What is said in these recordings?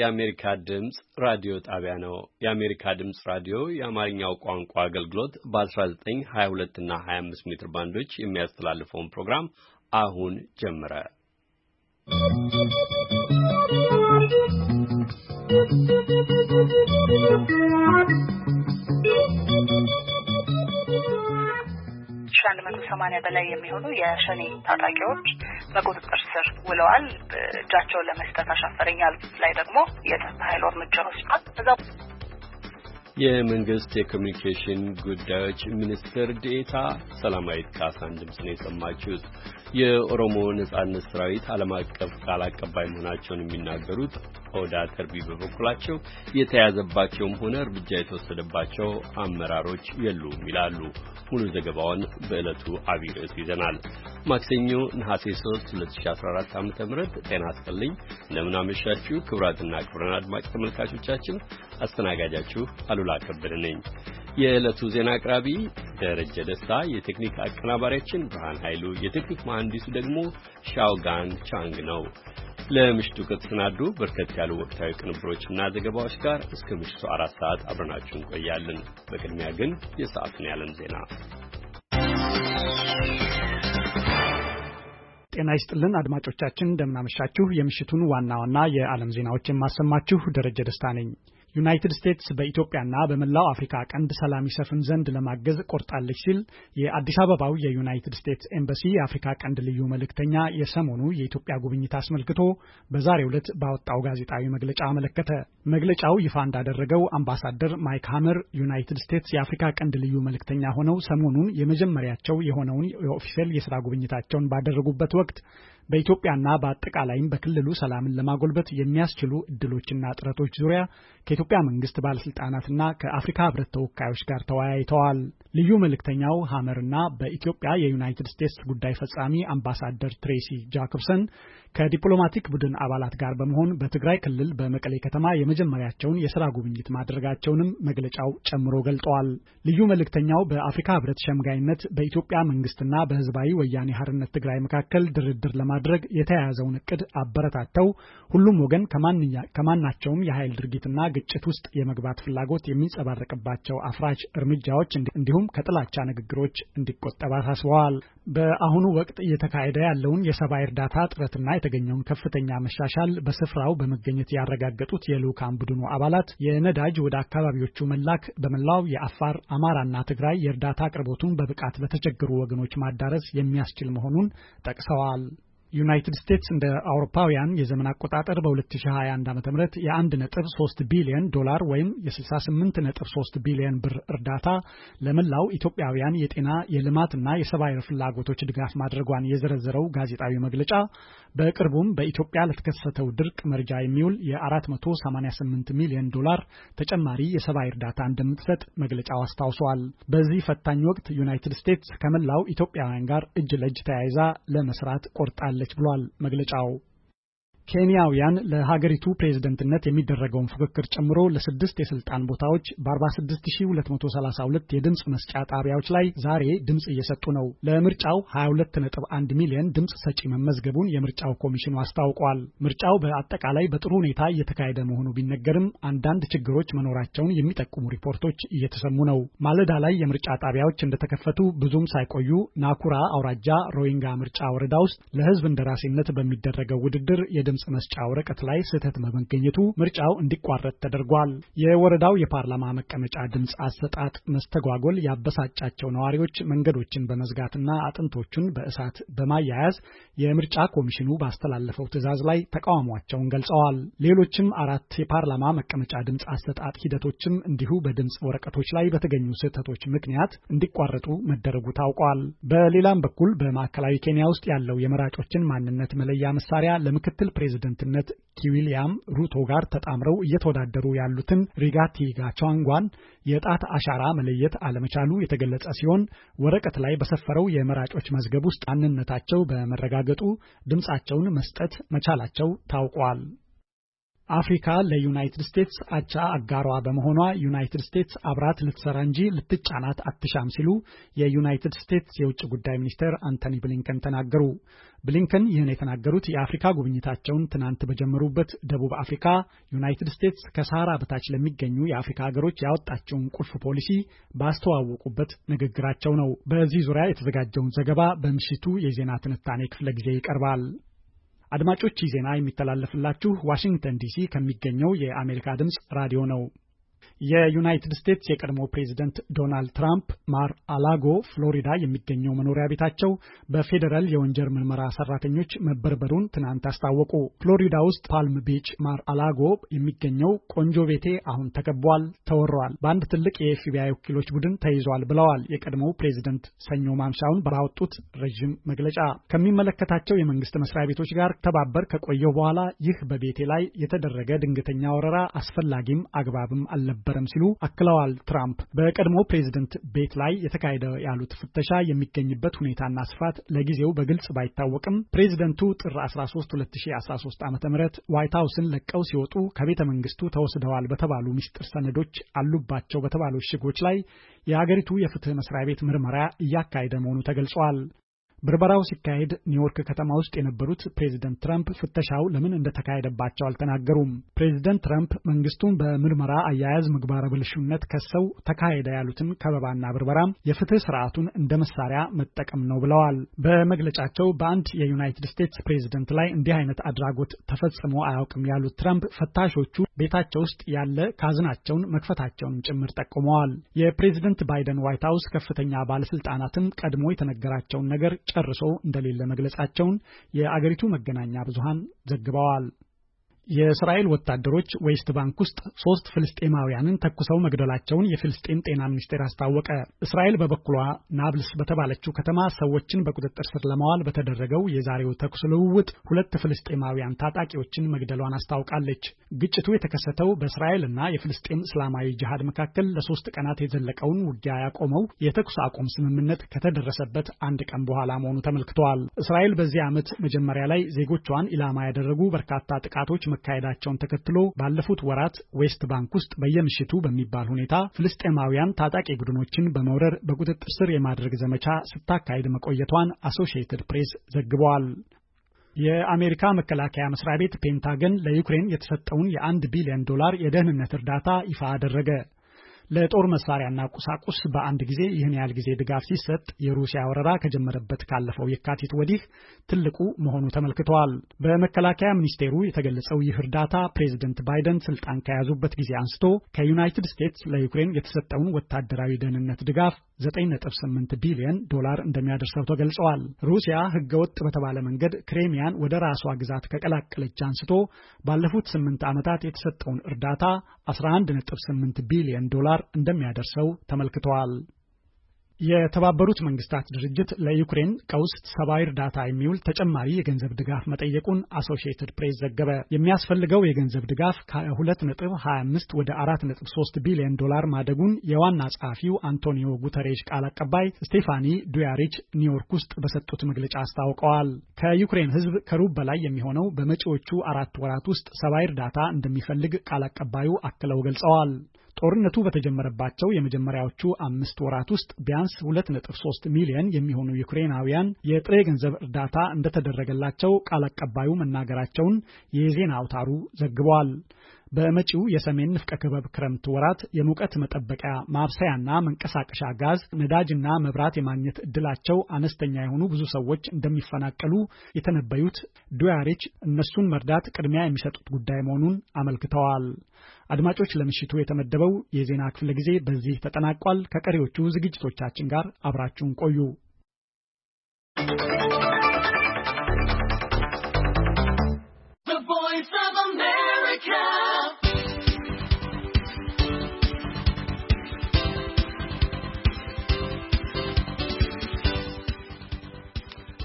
የአሜሪካ ድምፅ ራዲዮ ጣቢያ ነው። የአሜሪካ ድምፅ ራዲዮ የአማርኛው ቋንቋ አገልግሎት በ 1922 እና 25 ሜትር ባንዶች የሚያስተላልፈውን ፕሮግራም አሁን ጀመረ። ¶¶ ሺህ አንድ መቶ ሰማንያ በላይ የሚሆኑ የሸኔ ታጣቂዎች በቁጥጥር ስር ውለዋል። እጃቸውን ለመስጠት አሻፈረኛል ላይ ደግሞ የጸጥታ ኃይሉ እርምጃ ወስዷል። የመንግስት የኮሚኒኬሽን ጉዳዮች ሚኒስትር ዴታ ሰላማዊት ካሳን ድምፅ ነው የሰማችሁት። የኦሮሞ ነጻነት ሰራዊት ዓለም አቀፍ ቃል አቀባይ መሆናቸውን የሚናገሩት ኦዳ ተርቢ በበኩላቸው የተያዘባቸውም ሆነ እርምጃ የተወሰደባቸው አመራሮች የሉም ይላሉ። ሙሉ ዘገባውን በዕለቱ አብይ ርዕስ ይዘናል። ማክሰኞ ነሐሴ 3 2014 ዓ ም ጤና ይስጥልኝ። እንደምናመሻችሁ ክቡራትና ክቡራን አድማጭ ተመልካቾቻችን አስተናጋጃችሁ አሉላ አሉላ ከበደ ነኝ። የዕለቱ ዜና አቅራቢ ደረጀ ደስታ፣ የቴክኒክ አቀናባሪያችን ብርሃን ኃይሉ፣ የቴክኒክ መሐንዲሱ ደግሞ ሻውጋን ቻንግ ነው። ለምሽቱ ከተሰናዱ በርከት ያሉ ወቅታዊ ቅንብሮችና ዘገባዎች ጋር እስከ ምሽቱ አራት ሰዓት አብረናችሁ እንቆያለን። በቅድሚያ ግን የሰዓቱን ያለም ዜና። ጤና ይስጥልን አድማጮቻችን፣ እንደምናመሻችሁ። የምሽቱን ዋና ዋና የዓለም ዜናዎች የማሰማችሁ ደረጀ ደስታ ነኝ። ዩናይትድ ስቴትስ በኢትዮጵያና በመላው አፍሪካ ቀንድ ሰላም ይሰፍን ዘንድ ለማገዝ ቆርጣለች ሲል የአዲስ አበባው የዩናይትድ ስቴትስ ኤምባሲ የአፍሪካ ቀንድ ልዩ መልእክተኛ የሰሞኑ የኢትዮጵያ ጉብኝት አስመልክቶ በዛሬው ዕለት ባወጣው ጋዜጣዊ መግለጫ አመለከተ። መግለጫው ይፋ እንዳደረገው አምባሳደር ማይክ ሀመር ዩናይትድ ስቴትስ የአፍሪካ ቀንድ ልዩ መልእክተኛ ሆነው ሰሞኑን የመጀመሪያቸው የሆነውን የኦፊሴል የስራ ጉብኝታቸውን ባደረጉበት ወቅት በኢትዮጵያና በአጠቃላይም በክልሉ ሰላምን ለማጎልበት የሚያስችሉ እድሎችና ጥረቶች ዙሪያ ከኢትዮጵያ መንግስት ባለስልጣናትና ከአፍሪካ ህብረት ተወካዮች ጋር ተወያይተዋል። ልዩ መልእክተኛው ሀመርና በኢትዮጵያ የዩናይትድ ስቴትስ ጉዳይ ፈጻሚ አምባሳደር ትሬሲ ጃኮብሰን ከዲፕሎማቲክ ቡድን አባላት ጋር በመሆን በትግራይ ክልል በመቀሌ ከተማ የመጀመሪያቸውን የስራ ጉብኝት ማድረጋቸውንም መግለጫው ጨምሮ ገልጠዋል። ልዩ መልእክተኛው በአፍሪካ ህብረት ሸምጋይነት በኢትዮጵያ መንግስትና በህዝባዊ ወያኔ ሀርነት ትግራይ መካከል ድርድር ለማ ለማድረግ የተያያዘውን እቅድ አበረታተው ሁሉም ወገን ከማናቸውም የኃይል ድርጊትና ግጭት ውስጥ የመግባት ፍላጎት የሚንጸባረቅባቸው አፍራሽ እርምጃዎች እንዲሁም ከጥላቻ ንግግሮች እንዲቆጠብ አሳስበዋል። በአሁኑ ወቅት እየተካሄደ ያለውን የሰብአዊ እርዳታ ጥረትና የተገኘውን ከፍተኛ መሻሻል በስፍራው በመገኘት ያረጋገጡት የልዑካን ቡድኑ አባላት የነዳጅ ወደ አካባቢዎቹ መላክ በመላው የአፋር፣ አማራና ትግራይ የእርዳታ አቅርቦቱን በብቃት ለተቸገሩ ወገኖች ማዳረስ የሚያስችል መሆኑን ጠቅሰዋል። ዩናይትድ ስቴትስ እንደ አውሮፓውያን የዘመን አቆጣጠር በ2021 ዓ ም የ1 3 ቢሊዮን ዶላር ወይም የ68 3 ቢሊዮን ብር እርዳታ ለመላው ኢትዮጵያውያን የጤና የልማትና የሰብአዊ ፍላጎቶች ድጋፍ ማድረጓን የዘረዘረው ጋዜጣዊ መግለጫ በቅርቡም በኢትዮጵያ ለተከሰተው ድርቅ መርጃ የሚውል የ488 ሚሊዮን ዶላር ተጨማሪ የሰብአዊ እርዳታ እንደምትሰጥ መግለጫው አስታውሰዋል። በዚህ ፈታኝ ወቅት ዩናይትድ ስቴትስ ከመላው ኢትዮጵያውያን ጋር እጅ ለእጅ ተያይዛ ለመስራት ቆርጣል ትችላለች ብሏል መግለጫው። ኬንያውያን ለሀገሪቱ ፕሬዝደንትነት የሚደረገውን ፉክክር ጨምሮ ለስድስት የስልጣን ቦታዎች በ46232 የድምፅ መስጫ ጣቢያዎች ላይ ዛሬ ድምፅ እየሰጡ ነው። ለምርጫው 22.1 ሚሊዮን ድምፅ ሰጪ መመዝገቡን የምርጫው ኮሚሽኑ አስታውቋል። ምርጫው በአጠቃላይ በጥሩ ሁኔታ እየተካሄደ መሆኑ ቢነገርም አንዳንድ ችግሮች መኖራቸውን የሚጠቁሙ ሪፖርቶች እየተሰሙ ነው። ማለዳ ላይ የምርጫ ጣቢያዎች እንደተከፈቱ ብዙም ሳይቆዩ ናኩራ አውራጃ ሮሂንጋ ምርጫ ወረዳ ውስጥ ለህዝብ እንደራሴነት በሚደረገው ውድድር የድምፅ ድምፅ መስጫ ወረቀት ላይ ስህተት በመገኘቱ ምርጫው እንዲቋረጥ ተደርጓል። የወረዳው የፓርላማ መቀመጫ ድምፅ አሰጣጥ መስተጓጎል ያበሳጫቸው ነዋሪዎች መንገዶችን በመዝጋትና አጥንቶቹን በእሳት በማያያዝ የምርጫ ኮሚሽኑ ባስተላለፈው ትዕዛዝ ላይ ተቃውሟቸውን ገልጸዋል። ሌሎችም አራት የፓርላማ መቀመጫ ድምፅ አሰጣጥ ሂደቶችም እንዲሁ በድምፅ ወረቀቶች ላይ በተገኙ ስህተቶች ምክንያት እንዲቋረጡ መደረጉ ታውቋል። በሌላም በኩል በማዕከላዊ ኬንያ ውስጥ ያለው የመራጮችን ማንነት መለያ መሳሪያ ለምክትል ፕሬዝደንትነት ኪዊሊያም ሩቶ ጋር ተጣምረው እየተወዳደሩ ያሉትን ሪጋቲ ጋቻንጓን የጣት አሻራ መለየት አለመቻሉ የተገለጸ ሲሆን ወረቀት ላይ በሰፈረው የመራጮች መዝገብ ውስጥ ማንነታቸው በመረጋገጡ ድምፃቸውን መስጠት መቻላቸው ታውቋል። አፍሪካ ለዩናይትድ ስቴትስ አቻ አጋሯ በመሆኗ ዩናይትድ ስቴትስ አብራት ልትሰራ እንጂ ልትጫናት አትሻም ሲሉ የዩናይትድ ስቴትስ የውጭ ጉዳይ ሚኒስትር አንቶኒ ብሊንከን ተናገሩ። ብሊንከን ይህን የተናገሩት የአፍሪካ ጉብኝታቸውን ትናንት በጀመሩበት ደቡብ አፍሪካ ዩናይትድ ስቴትስ ከሳራ በታች ለሚገኙ የአፍሪካ ሀገሮች ያወጣቸውን ቁልፍ ፖሊሲ ባስተዋወቁበት ንግግራቸው ነው። በዚህ ዙሪያ የተዘጋጀውን ዘገባ በምሽቱ የዜና ትንታኔ ክፍለ ጊዜ ይቀርባል። አድማጮች ዜና የሚተላለፍላችሁ ዋሽንግተን ዲሲ ከሚገኘው የአሜሪካ ድምፅ ራዲዮ ነው። የዩናይትድ ስቴትስ የቀድሞ ፕሬዚደንት ዶናልድ ትራምፕ ማር አላጎ ፍሎሪዳ የሚገኘው መኖሪያ ቤታቸው በፌዴራል የወንጀል ምርመራ ሰራተኞች መበርበሩን ትናንት አስታወቁ። ፍሎሪዳ ውስጥ ፓልም ቢች ማር አላጎ የሚገኘው ቆንጆ ቤቴ አሁን ተከቧል፣ ተወረዋል፣ በአንድ ትልቅ የኤፍቢአይ ወኪሎች ቡድን ተይዟል ብለዋል የቀድሞው ፕሬዚደንት ሰኞ ማምሻውን ባወጡት ረዥም መግለጫ። ከሚመለከታቸው የመንግስት መስሪያ ቤቶች ጋር ተባበር ከቆየሁ በኋላ ይህ በቤቴ ላይ የተደረገ ድንገተኛ ወረራ አስፈላጊም አግባብም አለ አልነበረም ሲሉ አክለዋል። ትራምፕ በቀድሞ ፕሬዝደንት ቤት ላይ የተካሄደ ያሉት ፍተሻ የሚገኝበት ሁኔታና ስፋት ለጊዜው በግልጽ ባይታወቅም ፕሬዝደንቱ ጥር 13 2013 ዓ ም ዋይት ሀውስን ለቀው ሲወጡ ከቤተ መንግስቱ ተወስደዋል በተባሉ ሚስጥር ሰነዶች አሉባቸው በተባሉ እሽጎች ላይ የአገሪቱ የፍትህ መስሪያ ቤት ምርመራ እያካሄደ መሆኑ ተገልጿል። ብርበራው ሲካሄድ ኒውዮርክ ከተማ ውስጥ የነበሩት ፕሬዚደንት ትራምፕ ፍተሻው ለምን እንደተካሄደባቸው አልተናገሩም። ፕሬዚደንት ትራምፕ መንግስቱን በምርመራ አያያዝ ምግባረ ብልሹነት ከሰው ተካሄደ ያሉትን ከበባና በርበራ የፍትህ ስርዓቱን እንደ መሳሪያ መጠቀም ነው ብለዋል። በመግለጫቸው በአንድ የዩናይትድ ስቴትስ ፕሬዚደንት ላይ እንዲህ አይነት አድራጎት ተፈጽሞ አያውቅም ያሉት ትራምፕ ፈታሾቹ ቤታቸው ውስጥ ያለ ካዝናቸውን መክፈታቸውን ጭምር ጠቁመዋል። የፕሬዝደንት ባይደን ዋይት ሀውስ ከፍተኛ ባለስልጣናትም ቀድሞ የተነገራቸውን ነገር ጨርሶ እንደሌለ መግለጻቸውን የአገሪቱ መገናኛ ብዙሃን ዘግበዋል። የእስራኤል ወታደሮች ዌስት ባንክ ውስጥ ሶስት ፍልስጤማውያንን ተኩሰው መግደላቸውን የፍልስጤም ጤና ሚኒስቴር አስታወቀ። እስራኤል በበኩሏ ናብልስ በተባለችው ከተማ ሰዎችን በቁጥጥር ስር ለማዋል በተደረገው የዛሬው ተኩስ ልውውጥ ሁለት ፍልስጤማውያን ታጣቂዎችን መግደሏን አስታውቃለች። ግጭቱ የተከሰተው በእስራኤል እና የፍልስጤም እስላማዊ ጅሃድ መካከል ለሶስት ቀናት የዘለቀውን ውጊያ ያቆመው የተኩስ አቁም ስምምነት ከተደረሰበት አንድ ቀን በኋላ መሆኑ ተመልክተዋል። እስራኤል በዚህ ዓመት መጀመሪያ ላይ ዜጎቿን ኢላማ ያደረጉ በርካታ ጥቃቶች መካሄዳቸውን ተከትሎ ባለፉት ወራት ዌስት ባንክ ውስጥ በየምሽቱ በሚባል ሁኔታ ፍልስጤማውያን ታጣቂ ቡድኖችን በመውረር በቁጥጥር ስር የማድረግ ዘመቻ ስታካሄድ መቆየቷን አሶሺየትድ ፕሬስ ዘግበዋል። የአሜሪካ መከላከያ መስሪያ ቤት ፔንታገን ለዩክሬን የተሰጠውን የአንድ ቢሊዮን ዶላር የደህንነት እርዳታ ይፋ አደረገ። ለጦር መሳሪያና ቁሳቁስ በአንድ ጊዜ ይህን ያህል ጊዜ ድጋፍ ሲሰጥ የሩሲያ ወረራ ከጀመረበት ካለፈው የካቲት ወዲህ ትልቁ መሆኑ ተመልክተዋል። በመከላከያ ሚኒስቴሩ የተገለጸው ይህ እርዳታ ፕሬዚደንት ባይደን ስልጣን ከያዙበት ጊዜ አንስቶ ከዩናይትድ ስቴትስ ለዩክሬን የተሰጠውን ወታደራዊ ደህንነት ድጋፍ 9.8 ቢሊዮን ዶላር እንደሚያደርሰው ተገልጸዋል። ሩሲያ ህገወጥ በተባለ መንገድ ክሬሚያን ወደ ራሷ ግዛት ከቀላቀለች አንስቶ ባለፉት 8 ዓመታት የተሰጠውን እርዳታ 11.8 ቢሊዮን ዶላር ጋር እንደሚያደርሰው ተመልክተዋል። የተባበሩት መንግስታት ድርጅት ለዩክሬን ቀውስ ሰብአዊ እርዳታ የሚውል ተጨማሪ የገንዘብ ድጋፍ መጠየቁን አሶሺየትድ ፕሬስ ዘገበ። የሚያስፈልገው የገንዘብ ድጋፍ ከ2.25 ወደ 4.3 ቢሊዮን ዶላር ማደጉን የዋና ጸሐፊው አንቶኒዮ ጉተሬሽ ቃል አቀባይ ስቴፋኒ ዱያሪች ኒውዮርክ ውስጥ በሰጡት መግለጫ አስታውቀዋል። ከዩክሬን ሕዝብ ከሩብ በላይ የሚሆነው በመጪዎቹ አራት ወራት ውስጥ ሰብአዊ እርዳታ እንደሚፈልግ ቃል አቀባዩ አክለው ገልጸዋል። ጦርነቱ በተጀመረባቸው የመጀመሪያዎቹ አምስት ወራት ውስጥ ቢያንስ 2.3 ሚሊዮን የሚሆኑ ዩክሬናውያን የጥሬ ገንዘብ እርዳታ እንደተደረገላቸው ቃል አቀባዩ መናገራቸውን የዜና አውታሩ ዘግቧል። በመጪው የሰሜን ንፍቀ ክበብ ክረምት ወራት የሙቀት መጠበቂያ ማብሰያና መንቀሳቀሻ ጋዝ፣ ነዳጅና መብራት የማግኘት እድላቸው አነስተኛ የሆኑ ብዙ ሰዎች እንደሚፈናቀሉ የተነበዩት ዱያሪች እነሱን መርዳት ቅድሚያ የሚሰጡት ጉዳይ መሆኑን አመልክተዋል። አድማጮች፣ ለምሽቱ የተመደበው የዜና ክፍለ ጊዜ በዚህ ተጠናቋል። ከቀሪዎቹ ዝግጅቶቻችን ጋር አብራችሁን ቆዩ።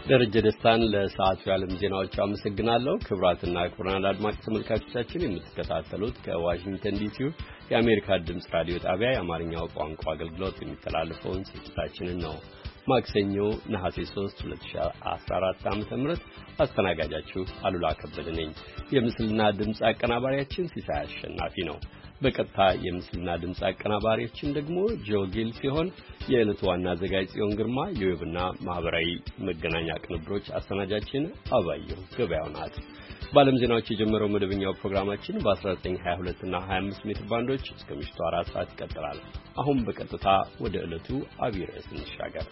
ደረጀ ደስታን ለሰዓቱ የዓለም ዜናዎች አመሰግናለሁ። ክቡራትና ክቡራን አድማጭ ተመልካቾቻችን የምትከታተሉት ከዋሽንግተን ዲሲው የአሜሪካ ድምፅ ራዲዮ ጣቢያ የአማርኛው ቋንቋ አገልግሎት የሚተላለፈውን ስርጭታችንን ነው። ማክሰኞ ነሐሴ 3 2014 ዓ.ም አስተናጋጃችሁ አሉላ ከበደ ነኝ። የምስልና ድምፅ አቀናባሪያችን ሲሳይ አሸናፊ ነው። በቀጥታ የምስልና ድምፅ አቀናባሪዎችን ደግሞ ጆጊል ሲሆን የዕለቱ ዋና አዘጋጅ ጽዮን ግርማ፣ የዌብና ማኅበራዊ መገናኛ ቅንብሮች አሰናጃችን አባየሁ ገበያው ናት። በዓለም ዜናዎች የጀመረው መደበኛው ፕሮግራማችን በ1922 እና 25 ሜትር ባንዶች እስከ ምሽቱ አራት ሰዓት ይቀጥላል። አሁን በቀጥታ ወደ ዕለቱ አብይ ርዕስ እንሻገር።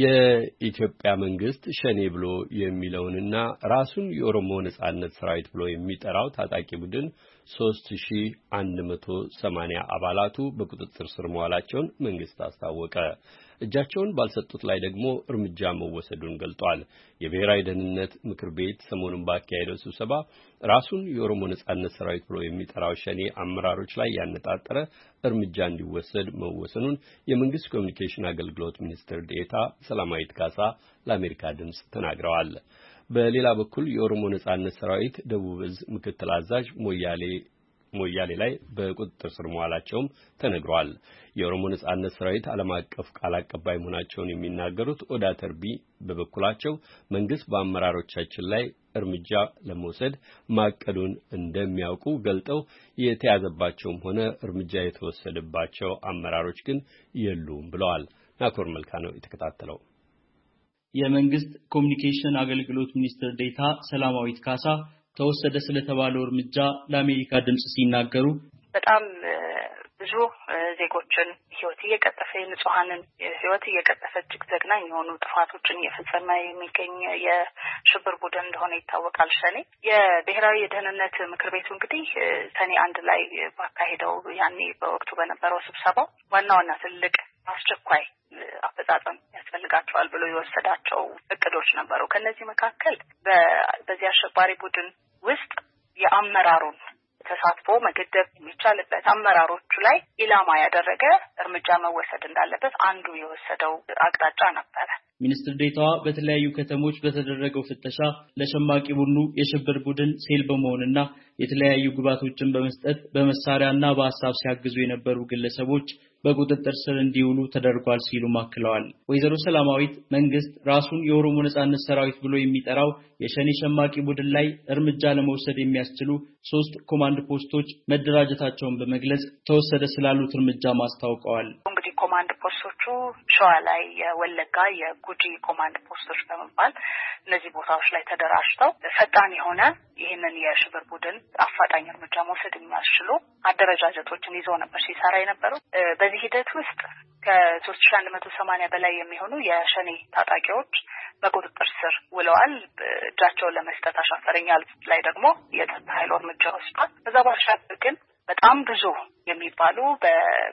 የኢትዮጵያ መንግስት ሸኔ ብሎ የሚለውንና ራሱን የኦሮሞ ነጻነት ሰራዊት ብሎ የሚጠራው ታጣቂ ቡድን 3180 አባላቱ በቁጥጥር ስር መዋላቸውን መንግስት አስታወቀ። እጃቸውን ባልሰጡት ላይ ደግሞ እርምጃ መወሰዱን ገልጧል። የብሔራዊ ደህንነት ምክር ቤት ሰሞኑን ባካሄደው ስብሰባ ራሱን የኦሮሞ ነጻነት ሰራዊት ብሎ የሚጠራው ሸኔ አመራሮች ላይ ያነጣጠረ እርምጃ እንዲወሰድ መወሰኑን የመንግስት ኮሚኒኬሽን አገልግሎት ሚኒስትር ዴታ ሰላማዊት ካሳ ለአሜሪካ ድምፅ ተናግረዋል። በሌላ በኩል የኦሮሞ ነጻነት ሰራዊት ደቡብ እዝ ምክትል አዛዥ ሞያሌ ሞያሌ ላይ በቁጥጥር ስር መዋላቸውም ተነግሯል። የኦሮሞ ነጻነት ሰራዊት ዓለም አቀፍ ቃል አቀባይ መሆናቸውን የሚናገሩት ኦዳ ተርቢ በበኩላቸው መንግስት በአመራሮቻችን ላይ እርምጃ ለመውሰድ ማቀዱን እንደሚያውቁ ገልጠው የተያዘባቸውም ሆነ እርምጃ የተወሰደባቸው አመራሮች ግን የሉም ብለዋል። ናኮር መልካ ነው የተከታተለው። የመንግስት ኮሚኒኬሽን አገልግሎት ሚኒስትር ዴታ ሰላማዊት ካሳ ተወሰደ ስለተባለው እርምጃ ለአሜሪካ ድምፅ ሲናገሩ በጣም ብዙ ዜጎችን ህይወት እየቀጠፈ የንጹሐንን ህይወት እየቀጠፈ እጅግ ዘግናኝ የሆኑ ጥፋቶችን እየፈጸመ የሚገኝ የሽብር ቡድን እንደሆነ ይታወቃል። ሸኔ የብሔራዊ የደህንነት ምክር ቤቱ እንግዲህ ሰኔ አንድ ላይ ባካሄደው ያኔ በወቅቱ በነበረው ስብሰባው ዋና ዋና ትልቅ አስቸኳይ አፈጻጸም ያስፈልጋቸዋል ብሎ የወሰዳቸው እቅዶች ነበሩ። ከእነዚህ መካከል በዚህ አሸባሪ ቡድን ውስጥ የአመራሩን ተሳትፎ መገደብ የሚቻልበት አመራሮቹ ላይ ኢላማ ያደረገ እርምጃ መወሰድ እንዳለበት አንዱ የወሰደው አቅጣጫ ነበረ። ሚኒስትር ዴታዋ በተለያዩ ከተሞች በተደረገው ፍተሻ ለሸማቂ ቡድኑ የሽብር ቡድን ሴል በመሆንና የተለያዩ ግብዓቶችን በመስጠት በመሳሪያና በሀሳብ ሲያግዙ የነበሩ ግለሰቦች በቁጥጥር ስር እንዲውሉ ተደርጓል ሲሉ አክለዋል። ወይዘሮ ሰላማዊት መንግስት ራሱን የኦሮሞ ነጻነት ሰራዊት ብሎ የሚጠራው የሸኔ ሸማቂ ቡድን ላይ እርምጃ ለመውሰድ የሚያስችሉ ሶስት ኮማንድ ፖስቶች መደራጀታቸውን በመግለጽ ተወሰደ ስላሉት እርምጃ ማስታውቀዋል። እንግዲህ ኮማንድ ፖስቶቹ ሸዋ ላይ የወለጋ የጉጂ ኮማንድ ፖስቶች በመባል እነዚህ ቦታዎች ላይ ተደራጅተው ፈጣን የሆነ ይህንን የሽብር ቡድን አፋጣኝ እርምጃ መውሰድ የሚያስችሉ አደረጃጀቶችን ይዞ ነበር ሲሰራ የነበረው። በዚህ ሂደት ውስጥ ከሶስት ሺ አንድ መቶ ሰማኒያ በላይ የሚሆኑ የሸኔ ታጣቂዎች በቁጥጥር ስር ውለዋል። እጃቸውን ለመስጠት አሻፈረኛል ላይ ደግሞ የጸጥታ ኃይሉ እርምጃ ወስዷል። ከዛ ባሻገር ግን በጣም ብዙ የሚባሉ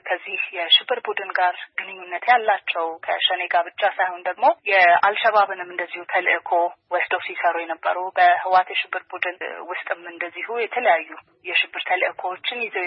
ከዚህ የሽብር ቡድን ጋር ግንኙነት ያላቸው ከሸኔ ጋር ብቻ ሳይሆን ደግሞ የአልሸባብንም እንደዚሁ ተልእኮ ወስደው ሲሰሩ የነበሩ በህዋት የሽብር ቡድን ውስጥም እንደዚሁ የተለያዩ የሽብር ተልእኮዎችን ይዘው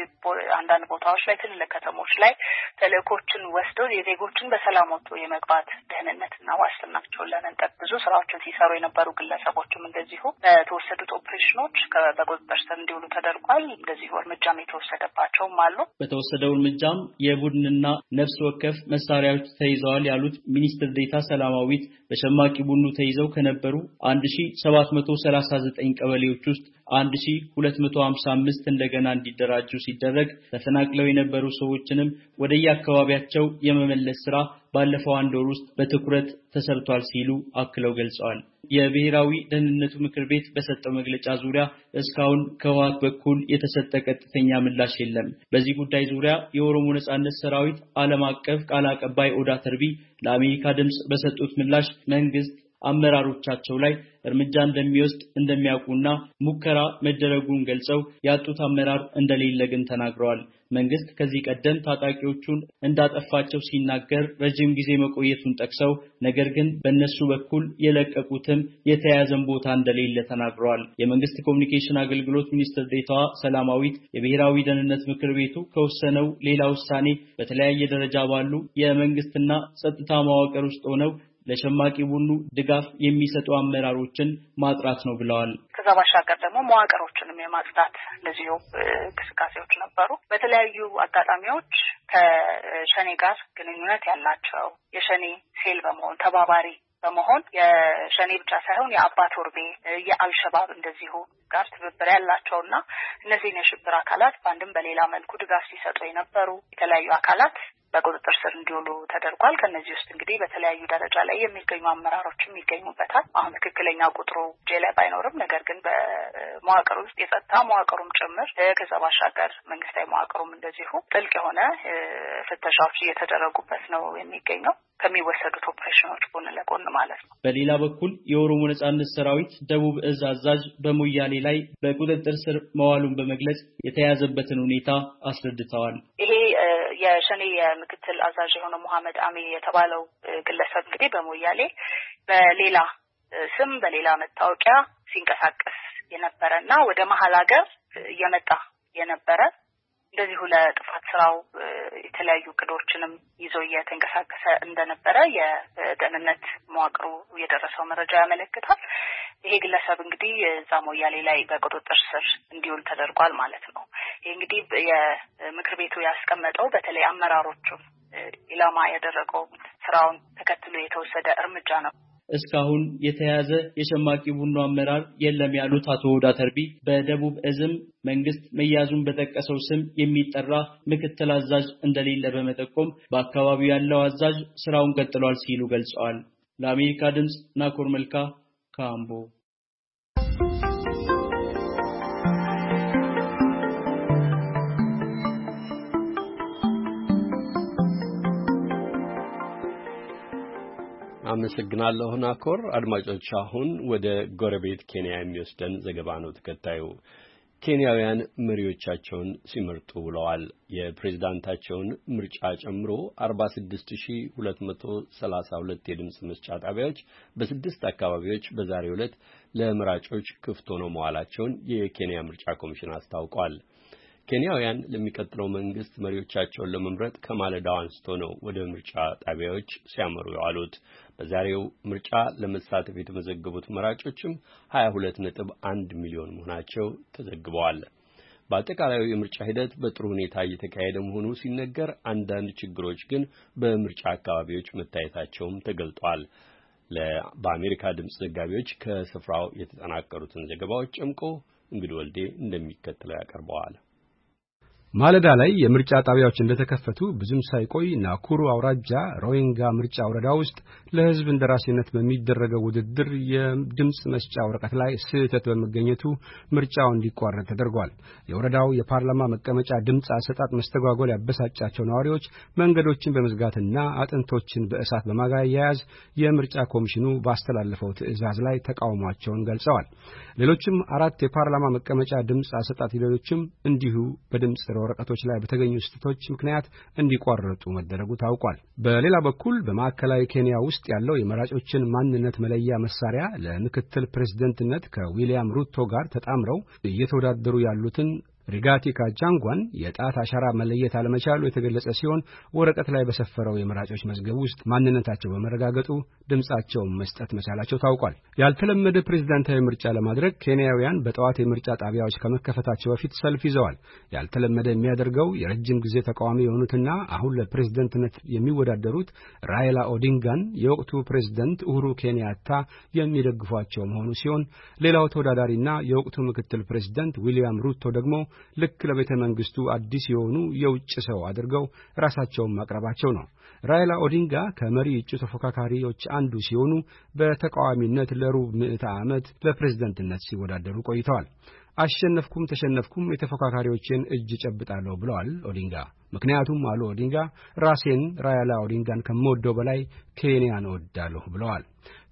አንዳንድ ቦታዎች ላይ ትልልቅ ከተሞች ላይ ተልእኮችን ወስደው የዜጎችን በሰላም ወጥቶ የመግባት ደህንነትና ዋስትናቸውን ለመንጠቅ ብዙ ስራዎችን ሲሰሩ የነበሩ ግለሰቦችም እንደዚሁ በተወሰዱት ኦፕሬሽኖች በቁጥጥር ስር እንዲውሉ ተደርጓል። እንደዚሁ እርምጃም የተወሰደባቸውም አሉ። ነው። በተወሰደው እርምጃም የቡድንና ነፍስ ወከፍ መሳሪያዎች ተይዘዋል ያሉት ሚኒስትር ዴታ ሰላማዊት በሸማቂ ቡድኑ ተይዘው ከነበሩ 1739 ቀበሌዎች ውስጥ 1255 እንደገና እንዲደራጁ ሲደረግ ተፈናቅለው የነበሩ ሰዎችንም ወደየአካባቢያቸው የመመለስ ስራ ባለፈው አንድ ወር ውስጥ በትኩረት ተሰርቷል ሲሉ አክለው ገልጸዋል። የብሔራዊ ደህንነቱ ምክር ቤት በሰጠው መግለጫ ዙሪያ እስካሁን ከህወሓት በኩል የተሰጠ ቀጥተኛ ምላሽ የለም። በዚህ ጉዳይ ዙሪያ የኦሮሞ ነጻነት ሰራዊት ዓለም አቀፍ ቃል አቀባይ ኦዳ ተርቢ ለአሜሪካ ድምፅ በሰጡት ምላሽ መንግስት አመራሮቻቸው ላይ እርምጃ እንደሚወስድ እንደሚያውቁና ሙከራ መደረጉን ገልጸው ያጡት አመራር እንደሌለ ግን ተናግረዋል። መንግስት ከዚህ ቀደም ታጣቂዎቹን እንዳጠፋቸው ሲናገር ረጅም ጊዜ መቆየቱን ጠቅሰው ነገር ግን በእነሱ በኩል የለቀቁትም የተያዘን ቦታ እንደሌለ ተናግረዋል። የመንግስት ኮሚኒኬሽን አገልግሎት ሚኒስትር ዴታዋ ሰላማዊት የብሔራዊ ደህንነት ምክር ቤቱ ከወሰነው ሌላ ውሳኔ በተለያየ ደረጃ ባሉ የመንግስትና ጸጥታ መዋቅር ውስጥ ሆነው ለሸማቂ ቡድኑ ድጋፍ የሚሰጡ አመራሮችን ማጥራት ነው ብለዋል። ከዛ ባሻገር ደግሞ መዋቅሮችንም የማጽዳት እንደዚሁ እንቅስቃሴዎች ነበሩ። በተለያዩ አጋጣሚዎች ከሸኔ ጋር ግንኙነት ያላቸው የሸኔ ሴል በመሆን ተባባሪ በመሆን የሸኔ ብቻ ሳይሆን የአባት ወርቤ የአልሸባብ እንደዚሁ ጋር ትብብር ያላቸውና እነዚህን የሽብር አካላት በአንድም በሌላ መልኩ ድጋፍ ሲሰጡ የነበሩ የተለያዩ አካላት በቁጥጥር ስር እንዲውሉ ተደርጓል። ከነዚህ ውስጥ እንግዲህ በተለያዩ ደረጃ ላይ የሚገኙ አመራሮችም ይገኙበታል። አሁን ትክክለኛ ቁጥሩ እጄ ላይ ባይኖርም፣ ነገር ግን በመዋቅር ውስጥ የጸጥታ መዋቅሩም ጭምር ከዛ ባሻገር መንግስታዊ መዋቅሩም እንደዚሁ ጥልቅ የሆነ ፍተሻዎች እየተደረጉበት ነው የሚገኘው ከሚወሰዱት ኦፕሬሽኖች ጎን ለጎን ማለት ነው። በሌላ በኩል የኦሮሞ ነጻነት ሰራዊት ደቡብ እዝ አዛዥ በሞያሌ ላይ በቁጥጥር ስር መዋሉን በመግለጽ የተያዘበትን ሁኔታ አስረድተዋል። ይሄ የሸኔ የምክትል አዛዥ የሆነው መሐመድ አሚ የተባለው ግለሰብ እንግዲህ በሞያሌ በሌላ ስም በሌላ መታወቂያ ሲንቀሳቀስ የነበረ እና ወደ መሀል ሀገር እየመጣ የነበረ እንደዚሁ ለጥፋት ስራው የተለያዩ እቅዶችንም ይዞ እየተንቀሳቀሰ እንደነበረ የደህንነት መዋቅሩ የደረሰው መረጃ ያመለክታል። ይሄ ግለሰብ እንግዲህ እዛ ሞያሌ ላይ በቁጥጥር ስር እንዲውል ተደርጓል ማለት ነው። ይህ እንግዲህ የምክር ቤቱ ያስቀመጠው በተለይ አመራሮቹን ኢላማ ያደረገው ስራውን ተከትሎ የተወሰደ እርምጃ ነው። እስካሁን የተያዘ የሸማቂ ቡና አመራር የለም ያሉት አቶ ወዳ ተርቢ በደቡብ እዝም መንግስት መያዙን በጠቀሰው ስም የሚጠራ ምክትል አዛዥ እንደሌለ በመጠቆም በአካባቢው ያለው አዛዥ ስራውን ቀጥሏል ሲሉ ገልጸዋል። ለአሜሪካ ድምፅ ናኮር መልካ ካምቦ አመሰግናለሁ ናኮር። አድማጮች አሁን ወደ ጎረቤት ኬንያ የሚወስደን ዘገባ ነው ተከታዩ። ኬንያውያን መሪዎቻቸውን ሲመርጡ ውለዋል። የፕሬዝዳንታቸውን ምርጫ ጨምሮ 46232 የድምፅ መስጫ ጣቢያዎች በስድስት አካባቢዎች በዛሬው ዕለት ለመራጮች ክፍት ሆነው መዋላቸውን የኬንያ ምርጫ ኮሚሽን አስታውቋል። ኬንያውያን ለሚቀጥለው መንግስት መሪዎቻቸውን ለመምረጥ ከማለዳው አንስቶ ነው ወደ ምርጫ ጣቢያዎች ሲያመሩ የዋሉት። በዛሬው ምርጫ ለመሳተፍ የተመዘገቡት መራጮችም 22.1 ሚሊዮን መሆናቸው ተዘግበዋል። በአጠቃላዩ የምርጫ ሂደት በጥሩ ሁኔታ እየተካሄደ መሆኑ ሲነገር፣ አንዳንድ ችግሮች ግን በምርጫ አካባቢዎች መታየታቸውም ተገልጧል። በአሜሪካ ድምፅ ዘጋቢዎች ከስፍራው የተጠናቀሩትን ዘገባዎች ጨምቆ እንግዲህ ወልዴ እንደሚከተለው ያቀርበዋል። ማለዳ ላይ የምርጫ ጣቢያዎች እንደተከፈቱ ብዙም ሳይቆይ ናኩሩ አውራጃ ሮሂንጋ ምርጫ ወረዳ ውስጥ ለሕዝብ እንደራሴነት በሚደረገው ውድድር የድምፅ መስጫ ወረቀት ላይ ስህተት በመገኘቱ ምርጫው እንዲቋረጥ ተደርጓል። የወረዳው የፓርላማ መቀመጫ ድምፅ አሰጣጥ መስተጓጎል ያበሳጫቸው ነዋሪዎች መንገዶችን በመዝጋትና አጥንቶችን በእሳት በማያያዝ የምርጫ ኮሚሽኑ ባስተላለፈው ትዕዛዝ ላይ ተቃውሟቸውን ገልጸዋል። ሌሎችም አራት የፓርላማ መቀመጫ ድምፅ አሰጣጥ ሂደቶችም እንዲሁ በድምፅ ወረቀቶች ላይ በተገኙ ስህተቶች ምክንያት እንዲቋረጡ መደረጉ ታውቋል። በሌላ በኩል በማዕከላዊ ኬንያ ውስጥ ያለው የመራጮችን ማንነት መለያ መሳሪያ ለምክትል ፕሬዝደንትነት ከዊልያም ሩቶ ጋር ተጣምረው እየተወዳደሩ ያሉትን ሪጋቲ ጃንጓን የጣት አሻራ መለየት አለመቻሉ የተገለጸ ሲሆን ወረቀት ላይ በሰፈረው የመራጮች መዝገብ ውስጥ ማንነታቸው በመረጋገጡ ድምፃቸውን መስጠት መቻላቸው ታውቋል። ያልተለመደ ፕሬዝዳንታዊ ምርጫ ለማድረግ ኬንያውያን በጠዋት የምርጫ ጣቢያዎች ከመከፈታቸው በፊት ሰልፍ ይዘዋል። ያልተለመደ የሚያደርገው የረጅም ጊዜ ተቃዋሚ የሆኑትና አሁን ለፕሬዝደንትነት የሚወዳደሩት ራይላ ኦዲንጋን የወቅቱ ፕሬዝደንት ኡሁሩ ኬንያታ የሚደግፏቸው መሆኑ ሲሆን ሌላው ተወዳዳሪና የወቅቱ ምክትል ፕሬዝደንት ዊልያም ሩቶ ደግሞ ልክ ለቤተ መንግሥቱ አዲስ የሆኑ የውጭ ሰው አድርገው ራሳቸውን ማቅረባቸው ነው። ራይላ ኦዲንጋ ከመሪ እጩ ተፎካካሪዎች አንዱ ሲሆኑ በተቃዋሚነት ለሩብ ምዕተ ዓመት ለፕሬዝደንትነት ሲወዳደሩ ቆይተዋል። አሸነፍኩም ተሸነፍኩም የተፎካካሪዎችን እጅ ጨብጣለሁ ብለዋል ኦዲንጋ። ምክንያቱም አሉ ኦዲንጋ፣ ራሴን ራያላ ኦዲንጋን ከምወደው በላይ ኬንያን እወዳለሁ ብለዋል።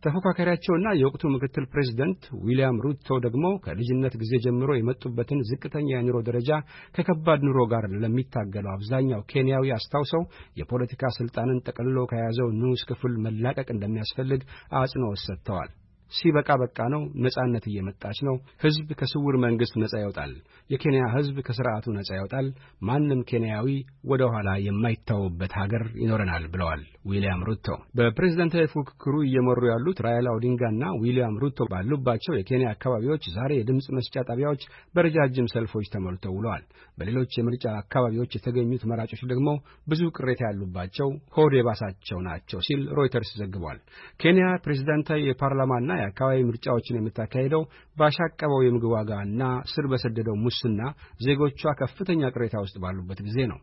ተፎካካሪያቸውና የወቅቱ ምክትል ፕሬዚደንት ዊልያም ሩቶ ደግሞ ከልጅነት ጊዜ ጀምሮ የመጡበትን ዝቅተኛ የኑሮ ደረጃ ከከባድ ኑሮ ጋር ለሚታገለው አብዛኛው ኬንያዊ አስታውሰው የፖለቲካ ስልጣንን ጠቅልሎ ከያዘው ንዑስ ክፍል መላቀቅ እንደሚያስፈልግ አጽንኦት ሰጥተዋል። ሲበቃ በቃ ነው፣ ነጻነት እየመጣች ነው፣ ህዝብ ከስውር መንግስት ነጻ ይወጣል፣ የኬንያ ህዝብ ከሥርዓቱ ነጻ ይወጣል፣ ማንም ኬንያዊ ወደ ኋላ የማይታወበት ሀገር ይኖረናል ብለዋል። ዊልያም ሩቶ። በፕሬዝደንታዊ ፉክክሩ እየመሩ ያሉት ራይላ ኦዲንጋና ዊልያም ሩቶ ባሉባቸው የኬንያ አካባቢዎች ዛሬ የድምፅ መስጫ ጣቢያዎች በረጃጅም ሰልፎች ተሞልተው ውለዋል። በሌሎች የምርጫ አካባቢዎች የተገኙት መራጮች ደግሞ ብዙ ቅሬታ ያሉባቸው ሆድ የባሳቸው ናቸው ሲል ሮይተርስ ዘግቧል። ኬንያ ፕሬዝዳንታዊ የፓርላማና የአካባቢ ምርጫዎችን የምታካሄደው ባሻቀበው የምግብ ዋጋና ስር በሰደደው ሙስና ዜጎቿ ከፍተኛ ቅሬታ ውስጥ ባሉበት ጊዜ ነው።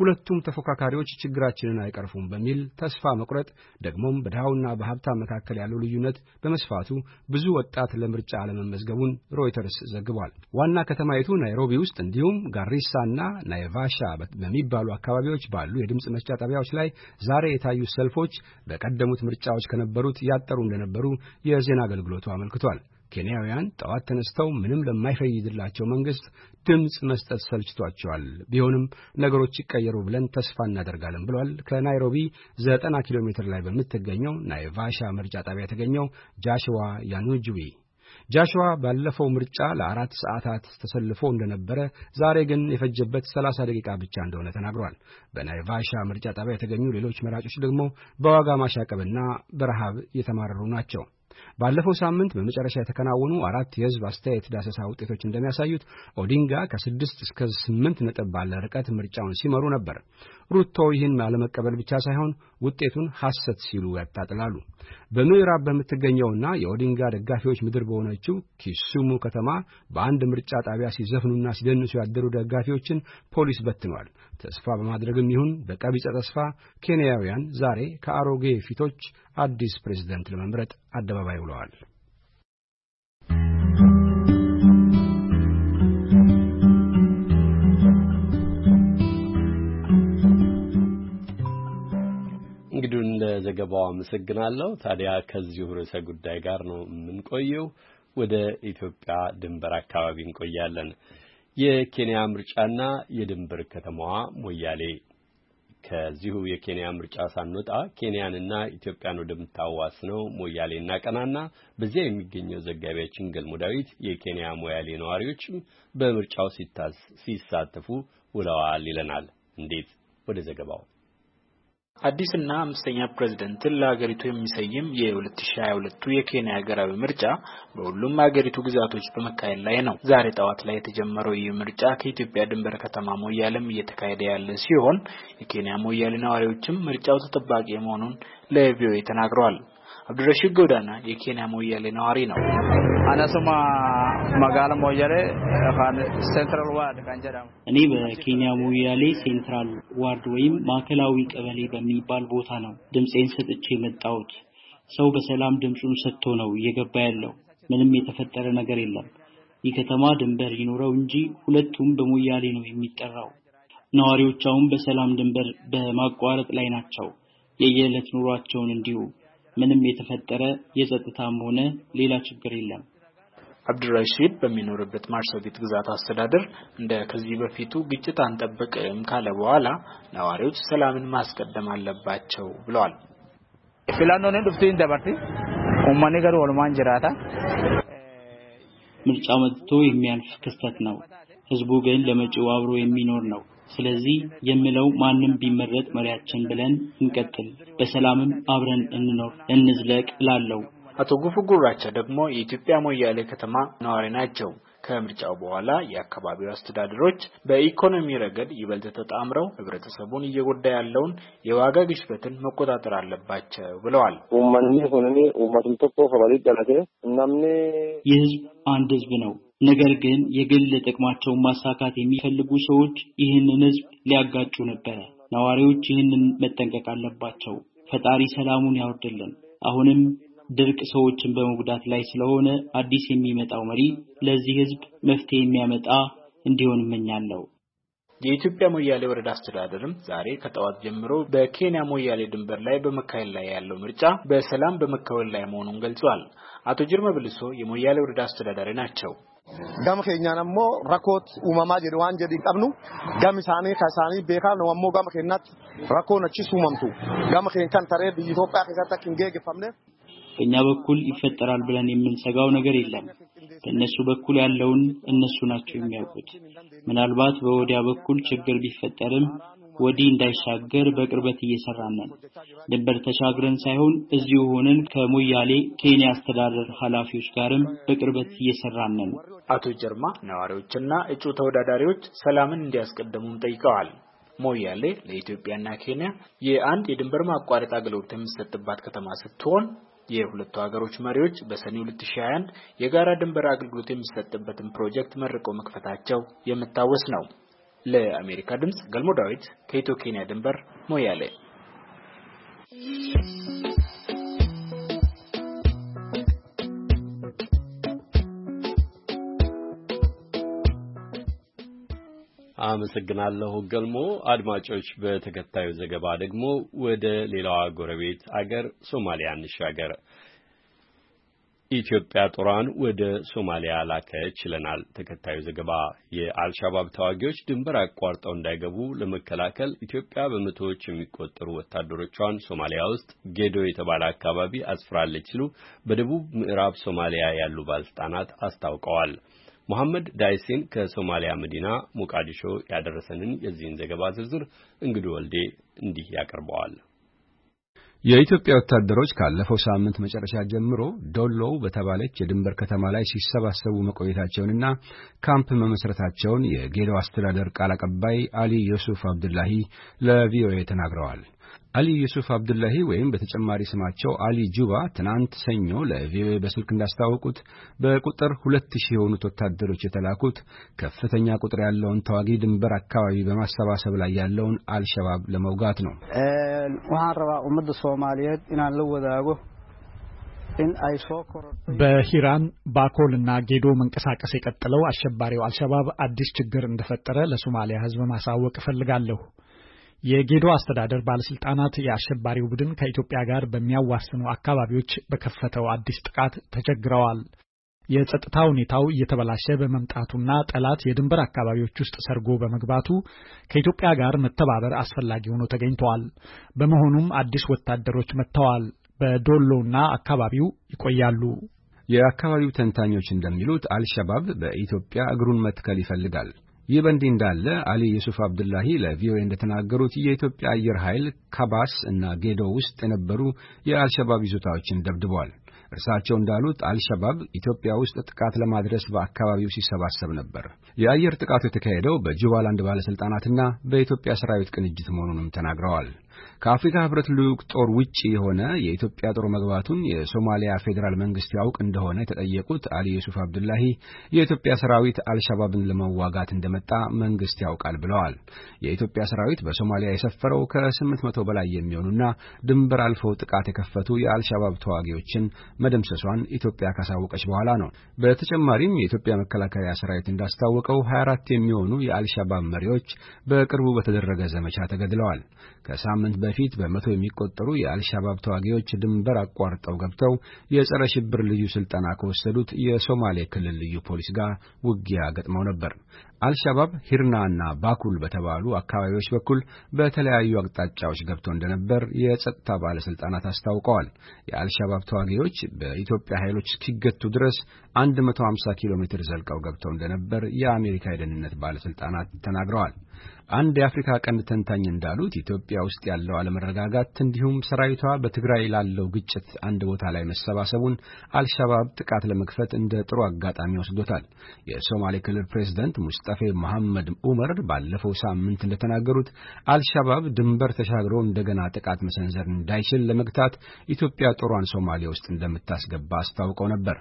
ሁለቱም ተፎካካሪዎች ችግራችንን አይቀርፉም በሚል ተስፋ መቁረጥ ደግሞም በድሃውና በሀብታም መካከል ያለው ልዩነት በመስፋቱ ብዙ ወጣት ለምርጫ አለመመዝገቡን ሮይተርስ ዘግቧል። ዋና ከተማይቱ ናይሮቢ ውስጥ እንዲሁም ጋሪሳ እና ናይቫሻ በሚባሉ አካባቢዎች ባሉ የድምፅ መስጫ ጣቢያዎች ላይ ዛሬ የታዩ ሰልፎች በቀደሙት ምርጫዎች ከነበሩት ያጠሩ እንደነበሩ የዜና አገልግሎቱ አመልክቷል። ኬንያውያን ጠዋት ተነስተው ምንም ለማይፈይድላቸው መንግሥት ድምፅ መስጠት ሰልችቷቸዋል። ቢሆንም ነገሮች ይቀየሩ ብለን ተስፋ እናደርጋለን ብሏል። ከናይሮቢ ዘጠና ኪሎ ሜትር ላይ በምትገኘው ናይቫሻ ምርጫ ጣቢያ የተገኘው ጃሽዋ ያኑጅዊ ጃሽዋ ባለፈው ምርጫ ለአራት ሰዓታት ተሰልፎ እንደነበረ ዛሬ ግን የፈጀበት ሰላሳ ደቂቃ ብቻ እንደሆነ ተናግሯል። በናይቫሻ ምርጫ ጣቢያ የተገኙ ሌሎች መራጮች ደግሞ በዋጋ ማሻቀብና በረሃብ የተማረሩ ናቸው። ባለፈው ሳምንት በመጨረሻ የተከናወኑ አራት የህዝብ አስተያየት ዳሰሳ ውጤቶች እንደሚያሳዩት ኦዲንጋ ከስድስት እስከ ስምንት ነጥብ ባለ ርቀት ምርጫውን ሲመሩ ነበር። ሩቶ ይህን አለመቀበል ብቻ ሳይሆን ውጤቱን ሐሰት ሲሉ ያጣጥላሉ። በምዕራብ በምትገኘውና የኦዲንጋ ደጋፊዎች ምድር በሆነችው ኪሱሙ ከተማ በአንድ ምርጫ ጣቢያ ሲዘፍኑና ሲደንሱ ያደሩ ደጋፊዎችን ፖሊስ በትኗል። ተስፋ በማድረግም ይሁን በቀቢጸ ተስፋ ኬንያውያን ዛሬ ከአሮጌ ፊቶች አዲስ ፕሬዝደንት ለመምረጥ አደባባይ ውለዋል። ለዘገባው አመሰግናለሁ። ታዲያ ከዚሁ ርዕሰ ጉዳይ ጋር ነው የምንቆየው። ወደ ኢትዮጵያ ድንበር አካባቢ እንቆያለን። የኬንያ ምርጫና የድንበር ከተማዋ ሞያሌ። ከዚሁ የኬንያ ምርጫ ሳንወጣ ኬንያንና ኢትዮጵያን ወደምታዋስነው ሞያሌ እናቀናና በዚያ የሚገኘው ዘጋቢያችን ገልሞ ዳዊት የኬንያ ሞያሌ ነዋሪዎችም በምርጫው ሲሳተፉ ውለዋል ይለናል። እንዴት ወደ ዘገባው አዲስና አምስተኛ ፕሬዝደንትን ለሀገሪቱ የሚሰይም የ2022ቱ የኬንያ ሀገራዊ ምርጫ በሁሉም ሀገሪቱ ግዛቶች በመካሄድ ላይ ነው። ዛሬ ጠዋት ላይ የተጀመረው ይህ ምርጫ ከኢትዮጵያ ድንበር ከተማ ሞያሌም እየተካሄደ ያለ ሲሆን የኬንያ ሞያሌ ነዋሪዎችም ምርጫው ተጠባቂ መሆኑን ለቪኦኤ ተናግረዋል። አብዱረሺድ ጎዳና የኬንያ ሞያሌ ነዋሪ ነው። አናሶማ magaala mooyyalee afaan ሴንትራል ዋርድ ካን ጀዳሙ እኔ በኬንያ ሞያሌ ሴንትራል ዋርድ ወይም ማዕከላዊ ቀበሌ በሚባል ቦታ ነው ድምፄን ሰጥቼ የመጣሁት። ሰው በሰላም ድምፁን ሰጥቶ ነው እየገባ ያለው። ምንም የተፈጠረ ነገር የለም። የከተማ ድንበር ይኖረው እንጂ ሁለቱም በሞያሌ ነው የሚጠራው። ነዋሪዎች አሁን በሰላም ድንበር በማቋረጥ ላይ ናቸው። የየዕለት ኑሯቸውን እንዲሁ ምንም የተፈጠረ የጸጥታም ሆነ ሌላ ችግር የለም። አብዱራሺድ በሚኖርበት ማርሰቢት ግዛት አስተዳደር እንደ ከዚህ በፊቱ ግጭት አንጠብቅም ካለ በኋላ ነዋሪዎች ሰላምን ማስቀደም አለባቸው ብለዋል። ዱፍቲ ኡማኔ ወልማን ጅራታ ምርጫ መጥቶ የሚያልፍ ክስተት ነው። ህዝቡ ግን ለመጪው አብሮ የሚኖር ነው። ስለዚህ የምለው ማንም ቢመረጥ መሪያችን ብለን እንቀጥል፣ በሰላምም አብረን እንኖር እንዝለቅ እላለሁ። አቶ ጉፉ ጉራቻ ደግሞ የኢትዮጵያ ሞያሌ ከተማ ነዋሪ ናቸው። ከምርጫው በኋላ የአካባቢው አስተዳደሮች በኢኮኖሚ ረገድ ይበልጥ ተጣምረው ህብረተሰቡን እየጎዳ ያለውን የዋጋ ግሽበትን መቆጣጠር አለባቸው ብለዋል። የህዝብ አንድ ህዝብ ነው። ነገር ግን የግል ጥቅማቸውን ማሳካት የሚፈልጉ ሰዎች ይህንን ህዝብ ሊያጋጩ ነበረ። ነዋሪዎች ይህንን መጠንቀቅ አለባቸው። ፈጣሪ ሰላሙን ያወርድልን። አሁንም ድርቅ ሰዎችን በመጉዳት ላይ ስለሆነ አዲስ የሚመጣው መሪ ለዚህ ህዝብ መፍትሄ የሚያመጣ እንዲሆን እመኛለሁ። የኢትዮጵያ ሞያሌ ወረዳ አስተዳደርም ዛሬ ከጠዋት ጀምሮ በኬንያ ሞያሌ ድንበር ላይ በመካሄድ ላይ ያለው ምርጫ በሰላም በመካሄድ ላይ መሆኑን ገልጿል። አቶ ጅርመ ብልሶ የሞያሌ ወረዳ አስተዳዳሪ ናቸው። ጋም ኬኛ ነሞ ራኮት ኡማማ ጀዲ ዋን ጀዲ ቀብኑ ጋም ሳኒ ከሳኒ ቤካ ነው ሞ ጋም ኬናት ራኮ ነቺ ሱመምቱ ጋም ኬን ከን ተሬ ኢትዮጵያ ከሰጠ ኪንጌ ገፈምነ በእኛ በኩል ይፈጠራል ብለን የምንሰጋው ነገር የለም። በእነሱ በኩል ያለውን እነሱ ናቸው የሚያውቁት። ምናልባት በወዲያ በኩል ችግር ቢፈጠርም ወዲህ እንዳይሻገር በቅርበት እየሰራነን ድንበር ተሻግረን ሳይሆን እዚሁ ሆነን ከሞያሌ ኬንያ አስተዳደር ኃላፊዎች ጋርም በቅርበት እየሰራን አቶ ጀርማ ነዋሪዎችና እጩ ተወዳዳሪዎች ሰላምን እንዲያስቀድሙም ጠይቀዋል። ሞያሌ ለኢትዮጵያና ኬንያ የአንድ የድንበር ማቋረጥ አገልግሎት የምትሰጥባት ከተማ ስትሆን የሁለቱ ሀገሮች መሪዎች በሰኔ 2021 የጋራ ድንበር አገልግሎት የሚሰጥበትን ፕሮጀክት መርቀው መክፈታቸው የሚታወስ ነው። ለአሜሪካ ድምጽ ገልሞ ዳዊት ከኢትዮ ኬንያ ድንበር ሞያሌ አመሰግናለሁ ገልሞ። አድማጮች፣ በተከታዩ ዘገባ ደግሞ ወደ ሌላዋ ጎረቤት አገር ሶማሊያ እንሻገር። ኢትዮጵያ ጦሯን ወደ ሶማሊያ ላከች ይለናል ተከታዩ ዘገባ። የአልሻባብ ተዋጊዎች ድንበር አቋርጠው እንዳይገቡ ለመከላከል ኢትዮጵያ በመቶዎች የሚቆጠሩ ወታደሮቿን ሶማሊያ ውስጥ ጌዶ የተባለ አካባቢ አስፍራለች ሲሉ በደቡብ ምዕራብ ሶማሊያ ያሉ ባለስልጣናት አስታውቀዋል። መሐመድ ዳይሴን ከሶማሊያ መዲና ሞቃዲሾ ያደረሰንን የዚህን ዘገባ ዝርዝር እንግዱ ወልዴ እንዲህ ያቀርበዋል። የኢትዮጵያ ወታደሮች ካለፈው ሳምንት መጨረሻ ጀምሮ ዶሎው በተባለች የድንበር ከተማ ላይ ሲሰባሰቡ መቆየታቸውንና ካምፕ መመስረታቸውን የጌዶ አስተዳደር ቃል አቀባይ አሊ ዮሱፍ አብዱላሂ ለቪኦኤ ተናግረዋል። አሊ ዩሱፍ አብዱላሂ ወይም በተጨማሪ ስማቸው አሊ ጁባ ትናንት ሰኞ ለቪኦኤ በስልክ እንዳስታወቁት በቁጥር ሁለት ሺህ የሆኑት ወታደሮች የተላኩት ከፍተኛ ቁጥር ያለውን ተዋጊ ድንበር አካባቢ በማሰባሰብ ላይ ያለውን አልሸባብ ለመውጋት ነው። ውሃን ረባ ummadda ሶማሊየት ኢናን ልወዳጎ በሂራን ባኮል ባኮልና ጌዶ መንቀሳቀስ የቀጠለው አሸባሪው አልሸባብ አዲስ ችግር እንደፈጠረ ለሶማሊያ ሕዝብ ማሳወቅ እፈልጋለሁ። የጌዶ አስተዳደር ባለስልጣናት የአሸባሪው ቡድን ከኢትዮጵያ ጋር በሚያዋስኑ አካባቢዎች በከፈተው አዲስ ጥቃት ተቸግረዋል። የጸጥታ ሁኔታው እየተበላሸ በመምጣቱና ጠላት የድንበር አካባቢዎች ውስጥ ሰርጎ በመግባቱ ከኢትዮጵያ ጋር መተባበር አስፈላጊ ሆኖ ተገኝተዋል። በመሆኑም አዲስ ወታደሮች መጥተዋል፣ በዶሎና አካባቢው ይቆያሉ። የአካባቢው ተንታኞች እንደሚሉት አልሸባብ በኢትዮጵያ እግሩን መትከል ይፈልጋል። ይህ በእንዲህ እንዳለ አሊ ዩሱፍ አብዱላሂ ለቪኦኤ እንደተናገሩት የኢትዮጵያ አየር ኃይል ካባስ እና ጌዶ ውስጥ የነበሩ የአልሸባብ ይዞታዎችን ደብድቧል። እርሳቸው እንዳሉት አልሸባብ ኢትዮጵያ ውስጥ ጥቃት ለማድረስ በአካባቢው ሲሰባሰብ ነበር። የአየር ጥቃቱ የተካሄደው በጁባላንድ ባለሥልጣናትና በኢትዮጵያ ሰራዊት ቅንጅት መሆኑንም ተናግረዋል። ከአፍሪካ ህብረት ልዑክ ጦር ውጪ የሆነ የኢትዮጵያ ጦር መግባቱን የሶማሊያ ፌዴራል መንግስት ያውቅ እንደሆነ የተጠየቁት አሊ ዩሱፍ አብዱላሂ የኢትዮጵያ ሰራዊት አልሻባብን ለመዋጋት እንደመጣ መንግስት ያውቃል ብለዋል። የኢትዮጵያ ሰራዊት በሶማሊያ የሰፈረው ከ መቶ በላይ የሚሆኑና ድንበር አልፈው ጥቃት የከፈቱ የአልሻባብ ተዋጊዎችን መደምሰሷን ኢትዮጵያ ካሳወቀች በኋላ ነው። በተጨማሪም የኢትዮጵያ መከላከያ ሰራዊት እንዳስታወቀው 24 የሚሆኑ የአልሻባብ መሪዎች በቅርቡ በተደረገ ዘመቻ ተገድለዋል። ከሳምንት በፊት በመቶ የሚቆጠሩ የአልሻባብ ተዋጊዎች ድንበር አቋርጠው ገብተው የጸረ ሽብር ልዩ ስልጠና ከወሰዱት የሶማሌ ክልል ልዩ ፖሊስ ጋር ውጊያ ገጥመው ነበር። አልሻባብ ሂርና እና ባኩል በተባሉ አካባቢዎች በኩል በተለያዩ አቅጣጫዎች ገብቶ እንደነበር የጸጥታ ባለሥልጣናት አስታውቀዋል። የአልሻባብ ተዋጊዎች በኢትዮጵያ ኃይሎች እስኪገቱ ድረስ 150 ኪሎ ሜትር ዘልቀው ገብተው እንደነበር የአሜሪካ የደህንነት ባለሥልጣናት ተናግረዋል። አንድ የአፍሪካ ቀንድ ተንታኝ እንዳሉት ኢትዮጵያ ውስጥ ያለው አለመረጋጋት እንዲሁም ሰራዊቷ በትግራይ ላለው ግጭት አንድ ቦታ ላይ መሰባሰቡን አልሻባብ ጥቃት ለመክፈት እንደ ጥሩ አጋጣሚ ወስዶታል። የሶማሌ ክልል ፕሬዚደንት ሙስጠ አቃፌ መሐመድ ዑመር ባለፈው ሳምንት እንደተናገሩት አልሻባብ ድንበር ተሻግሮ እንደገና ጥቃት መሰንዘር እንዳይችል ለመግታት ኢትዮጵያ ጦሯን ሶማሊያ ውስጥ እንደምታስገባ አስታውቀው ነበር።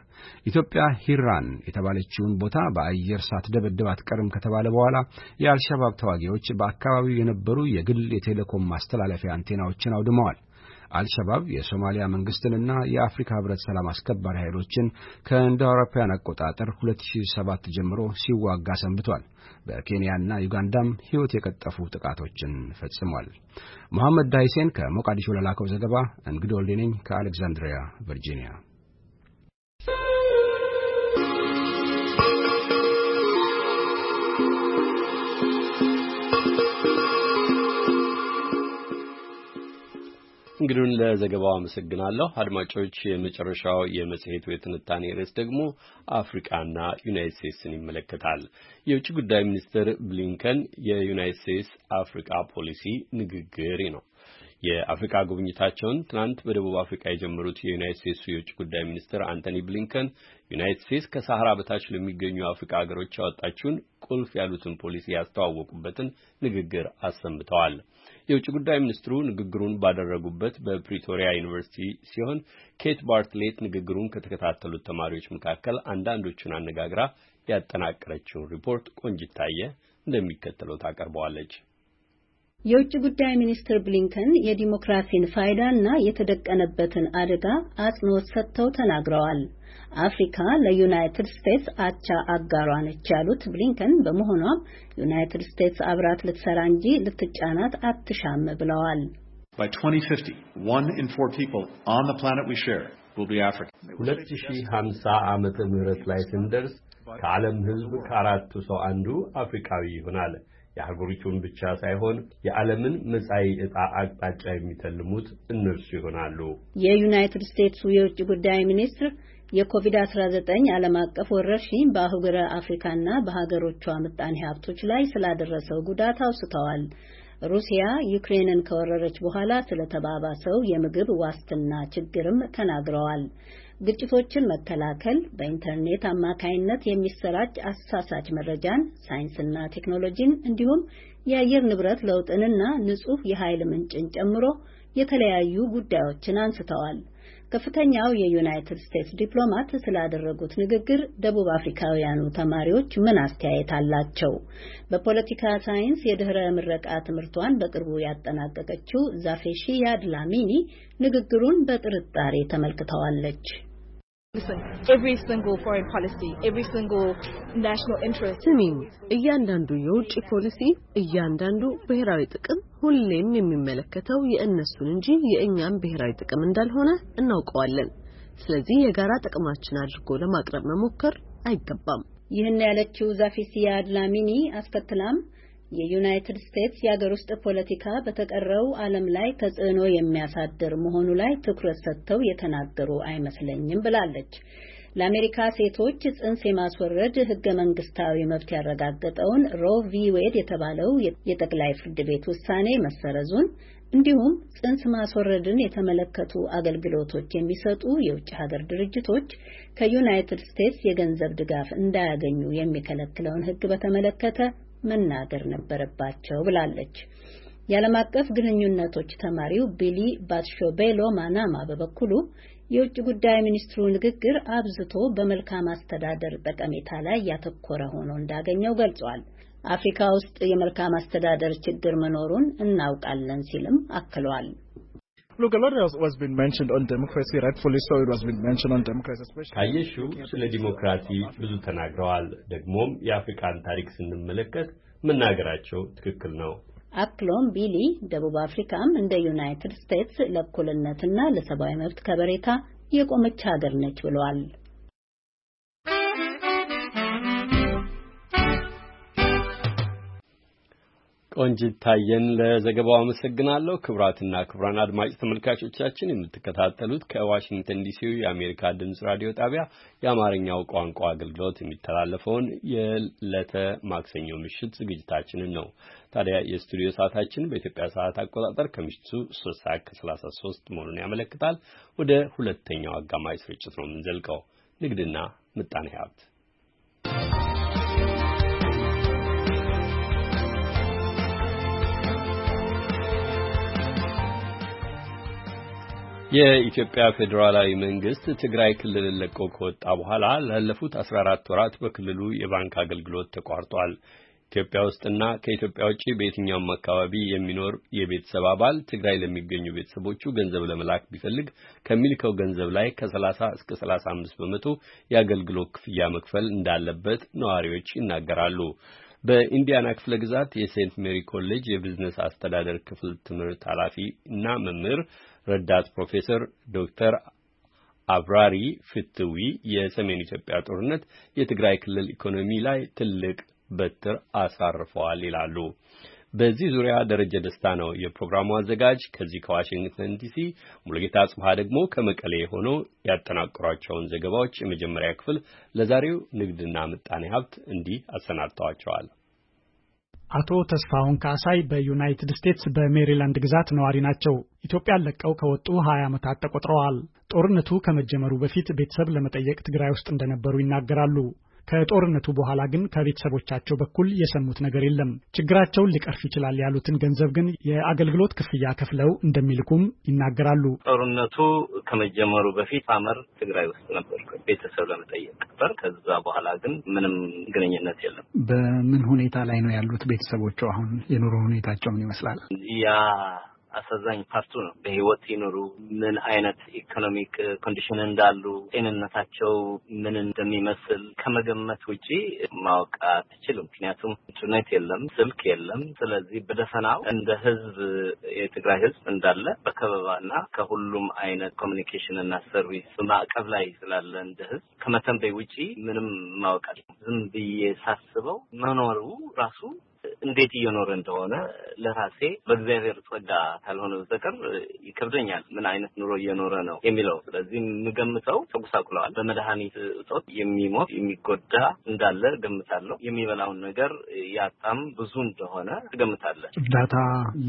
ኢትዮጵያ ሂራን የተባለችውን ቦታ በአየር ሳትደበድብ አትቀርም ከተባለ በኋላ የአልሻባብ ተዋጊዎች በአካባቢው የነበሩ የግል የቴሌኮም ማስተላለፊያ አንቴናዎችን አውድመዋል። አልሸባብ የሶማሊያ መንግስትንና የአፍሪካ ህብረት ሰላም አስከባሪ ኃይሎችን ከእንደ አውሮፓውያን አቆጣጠር 2007 ጀምሮ ሲዋጋ ሰንብቷል። በኬንያና ዩጋንዳም ህይወት የቀጠፉ ጥቃቶችን ፈጽሟል። መሐመድ ዳይሴን ከሞቃዲሾ ለላከው ዘገባ እንግዶ ወልዴ ነኝ ከአሌክዛንድሪያ ቨርጂኒያ እንግዲሁን ለዘገባው አመሰግናለሁ። አድማጮች፣ የመጨረሻው የመጽሔቱ የትንታኔ ርዕስ ደግሞ አፍሪቃና ዩናይት ስቴትስን ይመለከታል። የውጭ ጉዳይ ሚኒስትር ብሊንከን የዩናይት ስቴትስ አፍሪቃ ፖሊሲ ንግግር ነው። የአፍሪካ ጉብኝታቸውን ትናንት በደቡብ አፍሪካ የጀመሩት የዩናይት ስቴትሱ የውጭ ጉዳይ ሚኒስትር አንቶኒ ብሊንከን ዩናይት ስቴትስ ከሳህራ በታች ለሚገኙ አፍሪካ ሀገሮች ያወጣችውን ቁልፍ ያሉትን ፖሊሲ ያስተዋወቁበትን ንግግር አሰምተዋል። የውጭ ጉዳይ ሚኒስትሩ ንግግሩን ባደረጉበት በፕሪቶሪያ ዩኒቨርሲቲ ሲሆን ኬት ባርትሌት ንግግሩን ከተከታተሉት ተማሪዎች መካከል አንዳንዶቹን አነጋግራ ያጠናቀረችውን ሪፖርት ቆንጅታየ እንደሚከተለው ታቀርበዋለች። የውጭ ጉዳይ ሚኒስትር ብሊንከን የዲሞክራሲን ፋይዳና የተደቀነበትን አደጋ አጽንኦት ሰጥተው ተናግረዋል። አፍሪካ ለዩናይትድ ስቴትስ አቻ አጋሯ ነች ያሉት ብሊንከን በመሆኗም ዩናይትድ ስቴትስ አብራት ልትሰራ እንጂ ልትጫናት አትሻም ብለዋል። ሁለት ሺህ ሀምሳ ዓመተ ምህረት ላይ ስንደርስ ከዓለም ህዝብ ከአራቱ ሰው አንዱ አፍሪካዊ ይሆናል። የአህጉሪቱን ብቻ ሳይሆን የዓለምን መጻኢ ዕጣ አቅጣጫ የሚተልሙት እነርሱ ይሆናሉ። የዩናይትድ ስቴትሱ የውጭ ጉዳይ ሚኒስትር የኮቪድ-19 ዓለም አቀፍ ወረርሽኝ በአህጉረ አፍሪካና በሀገሮቿ ምጣኔ ሀብቶች ላይ ስላደረሰው ጉዳት አውስተዋል። ሩሲያ ዩክሬንን ከወረረች በኋላ ስለተባባሰው የምግብ ዋስትና ችግርም ተናግረዋል። ግጭቶችን መከላከል፣ በኢንተርኔት አማካይነት የሚሰራጭ አሳሳች መረጃን፣ ሳይንስና ቴክኖሎጂን እንዲሁም የአየር ንብረት ለውጥንና ንጹህ የኃይል ምንጭን ጨምሮ የተለያዩ ጉዳዮችን አንስተዋል። ከፍተኛው የዩናይትድ ስቴትስ ዲፕሎማት ስላደረጉት ንግግር ደቡብ አፍሪካውያኑ ተማሪዎች ምን አስተያየት አላቸው? በፖለቲካ ሳይንስ የድኅረ ምረቃ ትምህርቷን በቅርቡ ያጠናቀቀችው ዛፌሺ ያድላሚኒ ንግግሩን በጥርጣሬ ተመልክተዋለች። ስሚኝ፣ እያንዳንዱ የውጭ ፖሊሲ፣ እያንዳንዱ ብሔራዊ ጥቅም ሁሌም የሚመለከተው የእነሱን እንጂ የእኛም ብሔራዊ ጥቅም እንዳልሆነ እናውቀዋለን። ስለዚህ የጋራ ጥቅማችን አድርጎ ለማቅረብ መሞከር አይገባም። ይህን ያለችው ዛፊሲያ አድላሚኒ አስከትላም የዩናይትድ ስቴትስ የአገር ውስጥ ፖለቲካ በተቀረው ዓለም ላይ ተጽዕኖ የሚያሳድር መሆኑ ላይ ትኩረት ሰጥተው የተናገሩ አይመስለኝም ብላለች። ለአሜሪካ ሴቶች ጽንስ የማስወረድ ህገ መንግስታዊ መብት ያረጋገጠውን ሮ ቪ ዌድ የተባለው የጠቅላይ ፍርድ ቤት ውሳኔ መሰረዙን እንዲሁም ጽንስ ማስወረድን የተመለከቱ አገልግሎቶች የሚሰጡ የውጭ ሀገር ድርጅቶች ከዩናይትድ ስቴትስ የገንዘብ ድጋፍ እንዳያገኙ የሚከለክለውን ህግ በተመለከተ መናገር ነበረባቸው ብላለች። የዓለም አቀፍ ግንኙነቶች ተማሪው ቢሊ ባትሾቤሎ ማናማ በበኩሉ የውጭ ጉዳይ ሚኒስትሩ ንግግር አብዝቶ በመልካም አስተዳደር ጠቀሜታ ላይ ያተኮረ ሆኖ እንዳገኘው ገልጿል። አፍሪካ ውስጥ የመልካም አስተዳደር ችግር መኖሩን እናውቃለን ሲልም አክሏል። Look, a lot has was been mentioned on democracy, rightfully so it was been mentioned on democracy, especially ካየሽው ስለ ዲሞክራሲ ብዙ ተናግረዋል። ደግሞም የአፍሪካን ታሪክ ስንመለከት መናገራቸው ትክክል ነው። አክሎም ቢሊ ደቡብ አፍሪካም እንደ ዩናይትድ ስቴትስ ለእኩልነትና ለሰብአዊ መብት ከበሬታ የቆመች ሀገር ነች ብለዋል። ቆንጂት ታየን ለዘገባው አመሰግናለሁ። ክቡራትና ክቡራን አድማጭ ተመልካቾቻችን የምትከታተሉት ከዋሽንግተን ዲሲው የአሜሪካ ድምፅ ራዲዮ ጣቢያ የአማርኛው ቋንቋ አገልግሎት የሚተላለፈውን የዕለተ ማክሰኞ ምሽት ዝግጅታችንን ነው። ታዲያ የስቱዲዮ ሰዓታችን በኢትዮጵያ ሰዓት አቆጣጠር ከምሽቱ 3 ሰዓት ከ33 መሆኑን ያመለክታል። ወደ ሁለተኛው አጋማሽ ስርጭት ነው የምንዘልቀው። ንግድና ምጣኔ ሀብት የኢትዮጵያ ፌዴራላዊ መንግስት ትግራይ ክልልን ለቆ ከወጣ በኋላ ላለፉት 14 ወራት በክልሉ የባንክ አገልግሎት ተቋርጧል። ኢትዮጵያ ውስጥና ከኢትዮጵያ ውጭ በየትኛውም አካባቢ የሚኖር የቤተሰብ አባል ትግራይ ለሚገኙ ቤተሰቦቹ ገንዘብ ለመላክ ቢፈልግ ከሚልከው ገንዘብ ላይ ከ30 እስከ 35 በመቶ የአገልግሎት ክፍያ መክፈል እንዳለበት ነዋሪዎች ይናገራሉ። በኢንዲያና ክፍለ ግዛት የሴንት ሜሪ ኮሌጅ የቢዝነስ አስተዳደር ክፍል ትምህርት ኃላፊ እና መምህር ረዳት ፕሮፌሰር ዶክተር አብራሪ ፍትዊ የሰሜን ኢትዮጵያ ጦርነት የትግራይ ክልል ኢኮኖሚ ላይ ትልቅ በትር አሳርፈዋል ይላሉ። በዚህ ዙሪያ ደረጀ ደስታ ነው የፕሮግራሙ አዘጋጅ ከዚህ ከዋሽንግተን ዲሲ። ሙሉጌታ ጽብሃ ደግሞ ከመቀሌ ሆነው ያጠናቀሯቸውን ዘገባዎች የመጀመሪያ ክፍል ለዛሬው ንግድና ምጣኔ ሀብት እንዲህ አሰናድተዋቸዋል። አቶ ተስፋሁን ካሳይ በዩናይትድ ስቴትስ በሜሪላንድ ግዛት ነዋሪ ናቸው። ኢትዮጵያን ለቀው ከወጡ ሀያ ዓመታት ተቆጥረዋል። ጦርነቱ ከመጀመሩ በፊት ቤተሰብ ለመጠየቅ ትግራይ ውስጥ እንደነበሩ ይናገራሉ። ከጦርነቱ በኋላ ግን ከቤተሰቦቻቸው በኩል የሰሙት ነገር የለም። ችግራቸውን ሊቀርፍ ይችላል ያሉትን ገንዘብ ግን የአገልግሎት ክፍያ ከፍለው እንደሚልኩም ይናገራሉ። ጦርነቱ ከመጀመሩ በፊት አመር ትግራይ ውስጥ ነበር ቤተሰብ ለመጠየቅ ነበር። ከዛ በኋላ ግን ምንም ግንኙነት የለም። በምን ሁኔታ ላይ ነው ያሉት ቤተሰቦቹ? አሁን የኑሮ ሁኔታቸው ምን ይመስላል? ያ አሳዛኝ ፓርቱ ነው። በህይወት ይኖሩ ምን አይነት ኢኮኖሚክ ኮንዲሽን እንዳሉ፣ ጤንነታቸው ምን እንደሚመስል ከመገመት ውጪ ማወቅ አትችልም። ምክንያቱም ኢንተርኔት የለም፣ ስልክ የለም። ስለዚህ በደፈናው እንደ ህዝብ የትግራይ ህዝብ እንዳለ በከበባና ከሁሉም አይነት ኮሚኒኬሽን እና ሰርቪስ ማዕቀብ ላይ ስላለ እንደ ህዝብ ከመተንበይ ውጪ ምንም ማወቅ ዝም ብዬ ሳስበው መኖሩ ራሱ እንዴት እየኖረ እንደሆነ ለራሴ በእግዚአብሔር ጸጋ ካልሆነ በስተቀር ይከብደኛል። ምን አይነት ኑሮ እየኖረ ነው የሚለው። ስለዚህ የምገምተው ተጉሳቁለዋል። በመድኃኒት እጦት የሚሞት የሚጎዳ እንዳለ ገምታለሁ የሚበላውን ነገር ያጣም ብዙ እንደሆነ ትገምታለህ። እርዳታ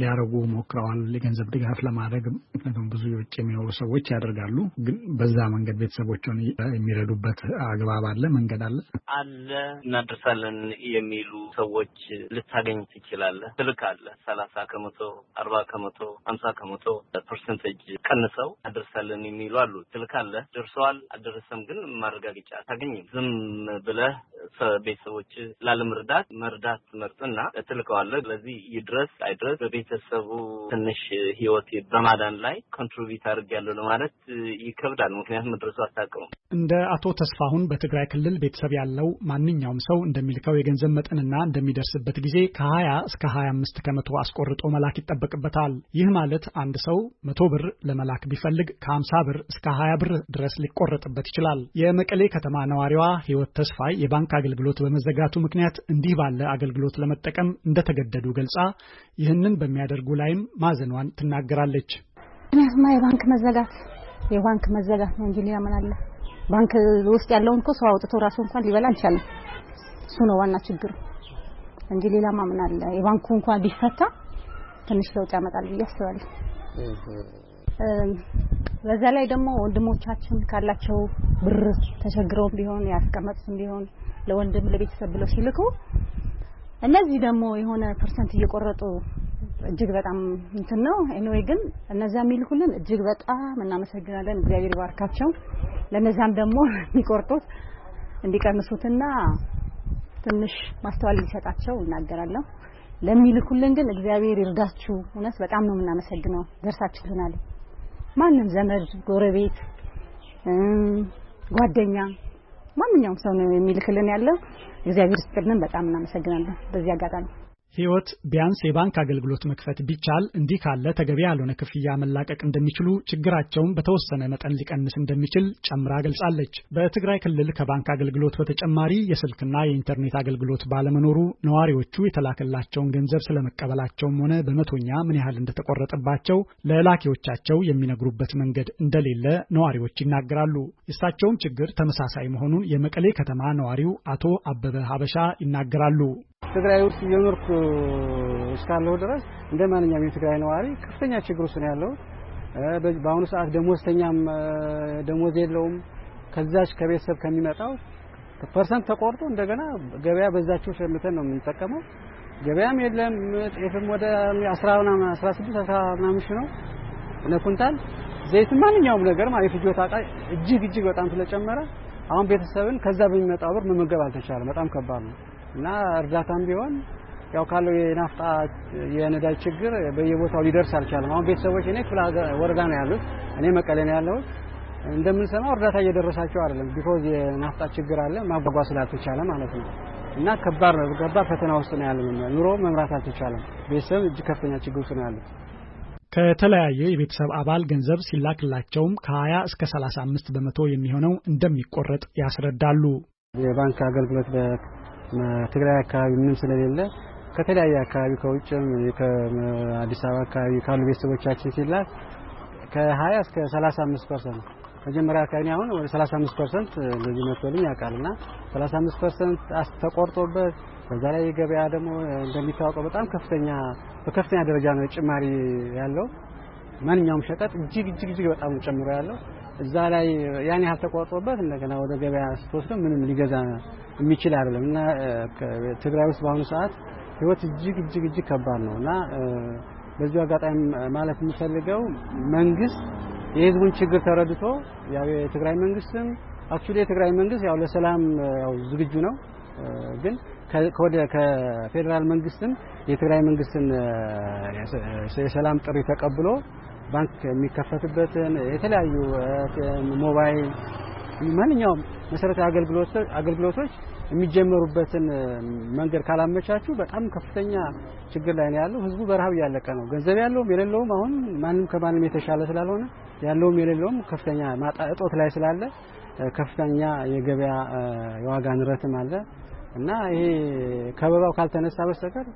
ሊያደርጉ ሞክረዋል፣ የገንዘብ ድጋፍ ለማድረግ ምክንያቱም ብዙ የውጭ የሚኖሩ ሰዎች ያደርጋሉ። ግን በዛ መንገድ ቤተሰቦቸውን የሚረዱበት አግባብ አለ፣ መንገድ አለ አለ እናደርሳለን የሚሉ ሰዎች ልታገኝ ትችላለህ። አለ ሰላሳ ከመቶ አርባ ከመቶ ሀምሳ ከመቶ ፐርሰንቴጅ ቀንሰው አደርሳለን የሚሉ አሉ። አለ ደርሰዋል አደረሰም ግን ማረጋገጫ አታገኝም። ዝም ብለህ ቤተሰቦች ላለመርዳት መርዳት ትመርጥና ትልከዋለህ። ስለዚህ ይድረስ አይድረስ በቤተሰቡ ትንሽ ህይወት በማዳን ላይ ኮንትሪቢዩት አድርጌያለሁ ለማለት ይከብዳል። ምክንያቱም መድረሱ አታውቅም። እንደ አቶ ተስፋሁን በትግራይ ክልል ቤተሰብ ያለው ማንኛውም ሰው እንደሚልከው የገንዘብ መጠንና እንደሚደርስበት ጊዜ ጊዜ ከ20 እስከ 25 ከመቶ አስቆርጦ መላክ ይጠበቅበታል። ይህ ማለት አንድ ሰው መቶ ብር ለመላክ ቢፈልግ ከ50 ብር እስከ 20 ብር ድረስ ሊቆረጥበት ይችላል። የመቀሌ ከተማ ነዋሪዋ ህይወት ተስፋይ የባንክ አገልግሎት በመዘጋቱ ምክንያት እንዲህ ባለ አገልግሎት ለመጠቀም እንደተገደዱ ገልጻ ይህንን በሚያደርጉ ላይም ማዘኗን ትናገራለች። ምክንያቱማ የባንክ መዘጋት የባንክ መዘጋት ነው እንጂ ሌላ ምን አለ? ባንክ ውስጥ ያለውን እኮ ሰው አውጥቶ ራሱ እንኳን ሊበላ አልቻለም። እሱ ነው ዋና ችግሩ። እንጂ ሌላ ማምን አለ? የባንኩ እንኳን ቢፈታ ትንሽ ለውጥ ያመጣል ብዬ አስባለሁ። በዛ ላይ ደግሞ ወንድሞቻችን ካላቸው ብር ተቸግረውም ቢሆን ያስቀመጡትም ቢሆን ለወንድም ለቤተሰብ ብለው ሲልኩ እነዚህ ደግሞ የሆነ ፐርሰንት እየቆረጡ እጅግ በጣም እንትን ነው። ኤኒዌይ ግን እነዛ የሚልኩልን እጅግ በጣም እናመሰግናለን። እግዚአብሔር ይባርካቸው። ለነዛም ደግሞ የሚቆርጡት እንዲቀንሱትና ትንሽ ማስተዋል ሊሰጣቸው እናገራለሁ። ለሚልኩልን ግን እግዚአብሔር ይርዳችሁ። እውነት በጣም ነው የምናመሰግነው። ደርሳችሁልናል። ማንም ዘመድ፣ ጎረቤት፣ ጓደኛ ማንኛውም ሰው ነው የሚልክልን ያለው። እግዚአብሔር ስጥልን በጣም እናመሰግናለን በዚህ አጋጣሚ ህይወት ቢያንስ የባንክ አገልግሎት መክፈት ቢቻል እንዲህ ካለ ተገቢ ያልሆነ ክፍያ መላቀቅ እንደሚችሉ ችግራቸውን በተወሰነ መጠን ሊቀንስ እንደሚችል ጨምራ ገልጻለች። በትግራይ ክልል ከባንክ አገልግሎት በተጨማሪ የስልክና የኢንተርኔት አገልግሎት ባለመኖሩ ነዋሪዎቹ የተላከላቸውን ገንዘብ ስለመቀበላቸውም ሆነ በመቶኛ ምን ያህል እንደተቆረጠባቸው ለላኪዎቻቸው የሚነግሩበት መንገድ እንደሌለ ነዋሪዎች ይናገራሉ። የእሳቸውም ችግር ተመሳሳይ መሆኑን የመቀሌ ከተማ ነዋሪው አቶ አበበ ሀበሻ ይናገራሉ። ትግራይ ውስጥ እየኖርኩ እስካለሁ ድረስ እንደ ማንኛውም የትግራይ ነዋሪ ከፍተኛ ችግር ውስጥ ነው ያለው። በአሁኑ ሰዓት ደሞዝተኛም ደሞዝ የለውም። ከዛች ከቤተሰብ ከሚመጣው ፐርሰንት ተቆርጦ እንደገና ገበያ በዛችው ሸምተን ነው የምንጠቀመው። ገበያም የለም። ጤፍም ወደ 16 15 ነው ለኩንታል። ዘይት፣ ማንኛውም ነገር ማለት የፍጆታ ዕቃ እጅግ እጅግ በጣም ስለጨመረ አሁን ቤተሰብን ከዛ በሚመጣው ብር መመገብ አልተቻለም። በጣም ከባድ ነው። እና እርዳታም ቢሆን ያው ካለው የናፍጣ የነዳጅ ችግር በየቦታው ሊደርስ አልቻለም። አሁን ቤተሰቦች እኔ ክፍለ ወረዳ ነው ያሉት፣ እኔ መቀሌ ነው ያለሁት። እንደምንሰማው እርዳታ እየደረሳቸው አይደለም። ቢኮዝ የናፍጣ ችግር አለ፣ ማጓጓ ስላልተቻለ ማለት ነው። እና ከባድ ነው፣ ከባድ ፈተና ውስጥ ነው ያለው። ኑሮ መምራት አልተቻለም። ቤተሰብ እጅግ ከፍተኛ ችግር ውስጥ ነው ያሉት። ከተለያየ የቤተሰብ አባል ገንዘብ ሲላክላቸውም ከ20 እስከ 35 በመቶ የሚሆነው እንደሚቆረጥ ያስረዳሉ። የባንክ አገልግሎት ትግራይ አካባቢ ምንም ስለሌለ ከተለያየ አካባቢ ከውጭም ከአዲስ አበባ አካባቢ ካሉ ቤተሰቦቻችን ሲላክ ከ20 እስከ 35 ፐርሰንት መጀመሪያ አካባቢ አሁን ወደ 35 ፐርሰንት እንደዚህ መጥቶልኝ ያውቃል እና 35 ፐርሰንት ተቆርጦበት በዛ ላይ ገበያ ደግሞ እንደሚታወቀው በጣም ከፍተኛ በከፍተኛ ደረጃ ነው ጭማሪ ያለው። ማንኛውም ሸቀጥ እጅግ እጅግ እጅግ በጣም ጨምሮ ያለው እዛ ላይ ያን ያህል ተቆርጦበት እንደገና ወደ ገበያ ስትወስደው ምንም ሊገዛ የሚችል አይደለም እና ትግራይ ውስጥ በአሁኑ ሰዓት ህይወት እጅግ እጅግ እጅግ ከባድ ነው እና በዚሁ አጋጣሚ ማለት የምፈልገው መንግስት የህዝቡን ችግር ተረድቶ ያው የትግራይ መንግስትም አክቹሊ የትግራይ መንግስት ያው ለሰላም ያው ዝግጁ ነው፣ ግን ከፌዴራል መንግስትም የትግራይ መንግስትን የሰላም ጥሪ ተቀብሎ ባንክ የሚከፈትበትን የተለያዩ ሞባይል ማንኛውም መሰረታዊ አገልግሎቶች የሚጀመሩበትን መንገድ ካላመቻችሁ በጣም ከፍተኛ ችግር ላይ ነው ያለው። ህዝቡ በረሃብ እያለቀ ነው። ገንዘብ ያለውም የሌለውም አሁን ማንም ከማንም የተሻለ ስላልሆነ ያለውም የሌለውም ከፍተኛ ማጣ እጦት ላይ ስላለ ከፍተኛ የገበያ የዋጋ ንረትም አለ እና ይሄ ከበባው ካልተነሳ በስተቀር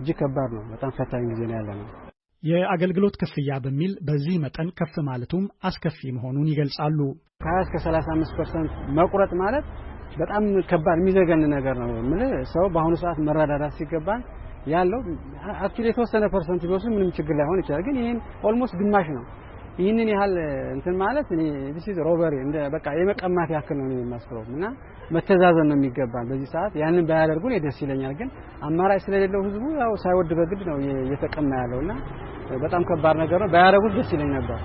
እጅግ ከባድ ነው። በጣም ፈታኝ ጊዜ ነው ያለ ነው። የአገልግሎት ክፍያ በሚል በዚህ መጠን ከፍ ማለቱም አስከፊ መሆኑን ይገልጻሉ። 35 ፐርሰንት መቁረጥ ማለት በጣም ከባድ የሚዘገን ነገር ነው። ምን ሰው በአሁኑ ሰዓት መረዳዳት ሲገባን ያለው አክቹዋሊ የተወሰነ ፐርሰንት ቢወስድ ምንም ችግር ላይሆን ይችላል። ግን ይህን ኦልሞስት ግማሽ ነው ይህንን ያህል እንትን ማለት እኔ ዲስ ሮበሪ እንደ በቃ የመቀማት ያክል ነው የማስበው እና መተዛዘን ነው የሚገባን በዚህ ሰዓት ያንን ባያደርጉ እኔ ደስ ይለኛል። ግን አማራጭ ስለሌለው ህዝቡ ያው ሳይወድ በግድ ነው እየተቀማ ያለውና በጣም ከባድ ነገር ነው። ባያደርጉት ደስ ይለኝ ነበር።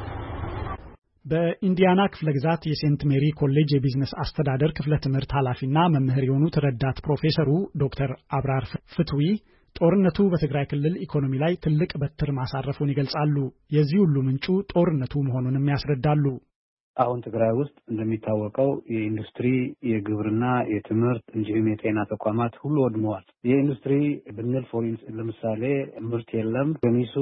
በኢንዲያና ክፍለ ግዛት የሴንት ሜሪ ኮሌጅ የቢዝነስ አስተዳደር ክፍለ ትምህርት ኃላፊና መምህር የሆኑት ረዳት ፕሮፌሰሩ ዶክተር አብራር ፍትዊ ጦርነቱ በትግራይ ክልል ኢኮኖሚ ላይ ትልቅ በትር ማሳረፉን ይገልጻሉ። የዚህ ሁሉ ምንጩ ጦርነቱ መሆኑንም ያስረዳሉ። አሁን ትግራይ ውስጥ እንደሚታወቀው የኢንዱስትሪ፣ የግብርና፣ የትምህርት እንዲሁም የጤና ተቋማት ሁሉ ወድመዋል። የኢንዱስትሪ ብንል ለምሳሌ ምርት የለም፣ ገሚሱ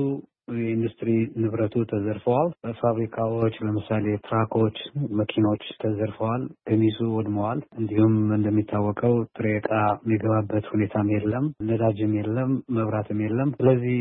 የኢንዱስትሪ ንብረቱ ተዘርፈዋል። ፋብሪካዎች ለምሳሌ ትራኮች፣ መኪኖች ተዘርፈዋል፣ ገሚሱ ወድመዋል። እንዲሁም እንደሚታወቀው ጥሬ ዕቃ የሚገባበት ሁኔታም የለም፣ ነዳጅም የለም፣ መብራትም የለም። ስለዚህ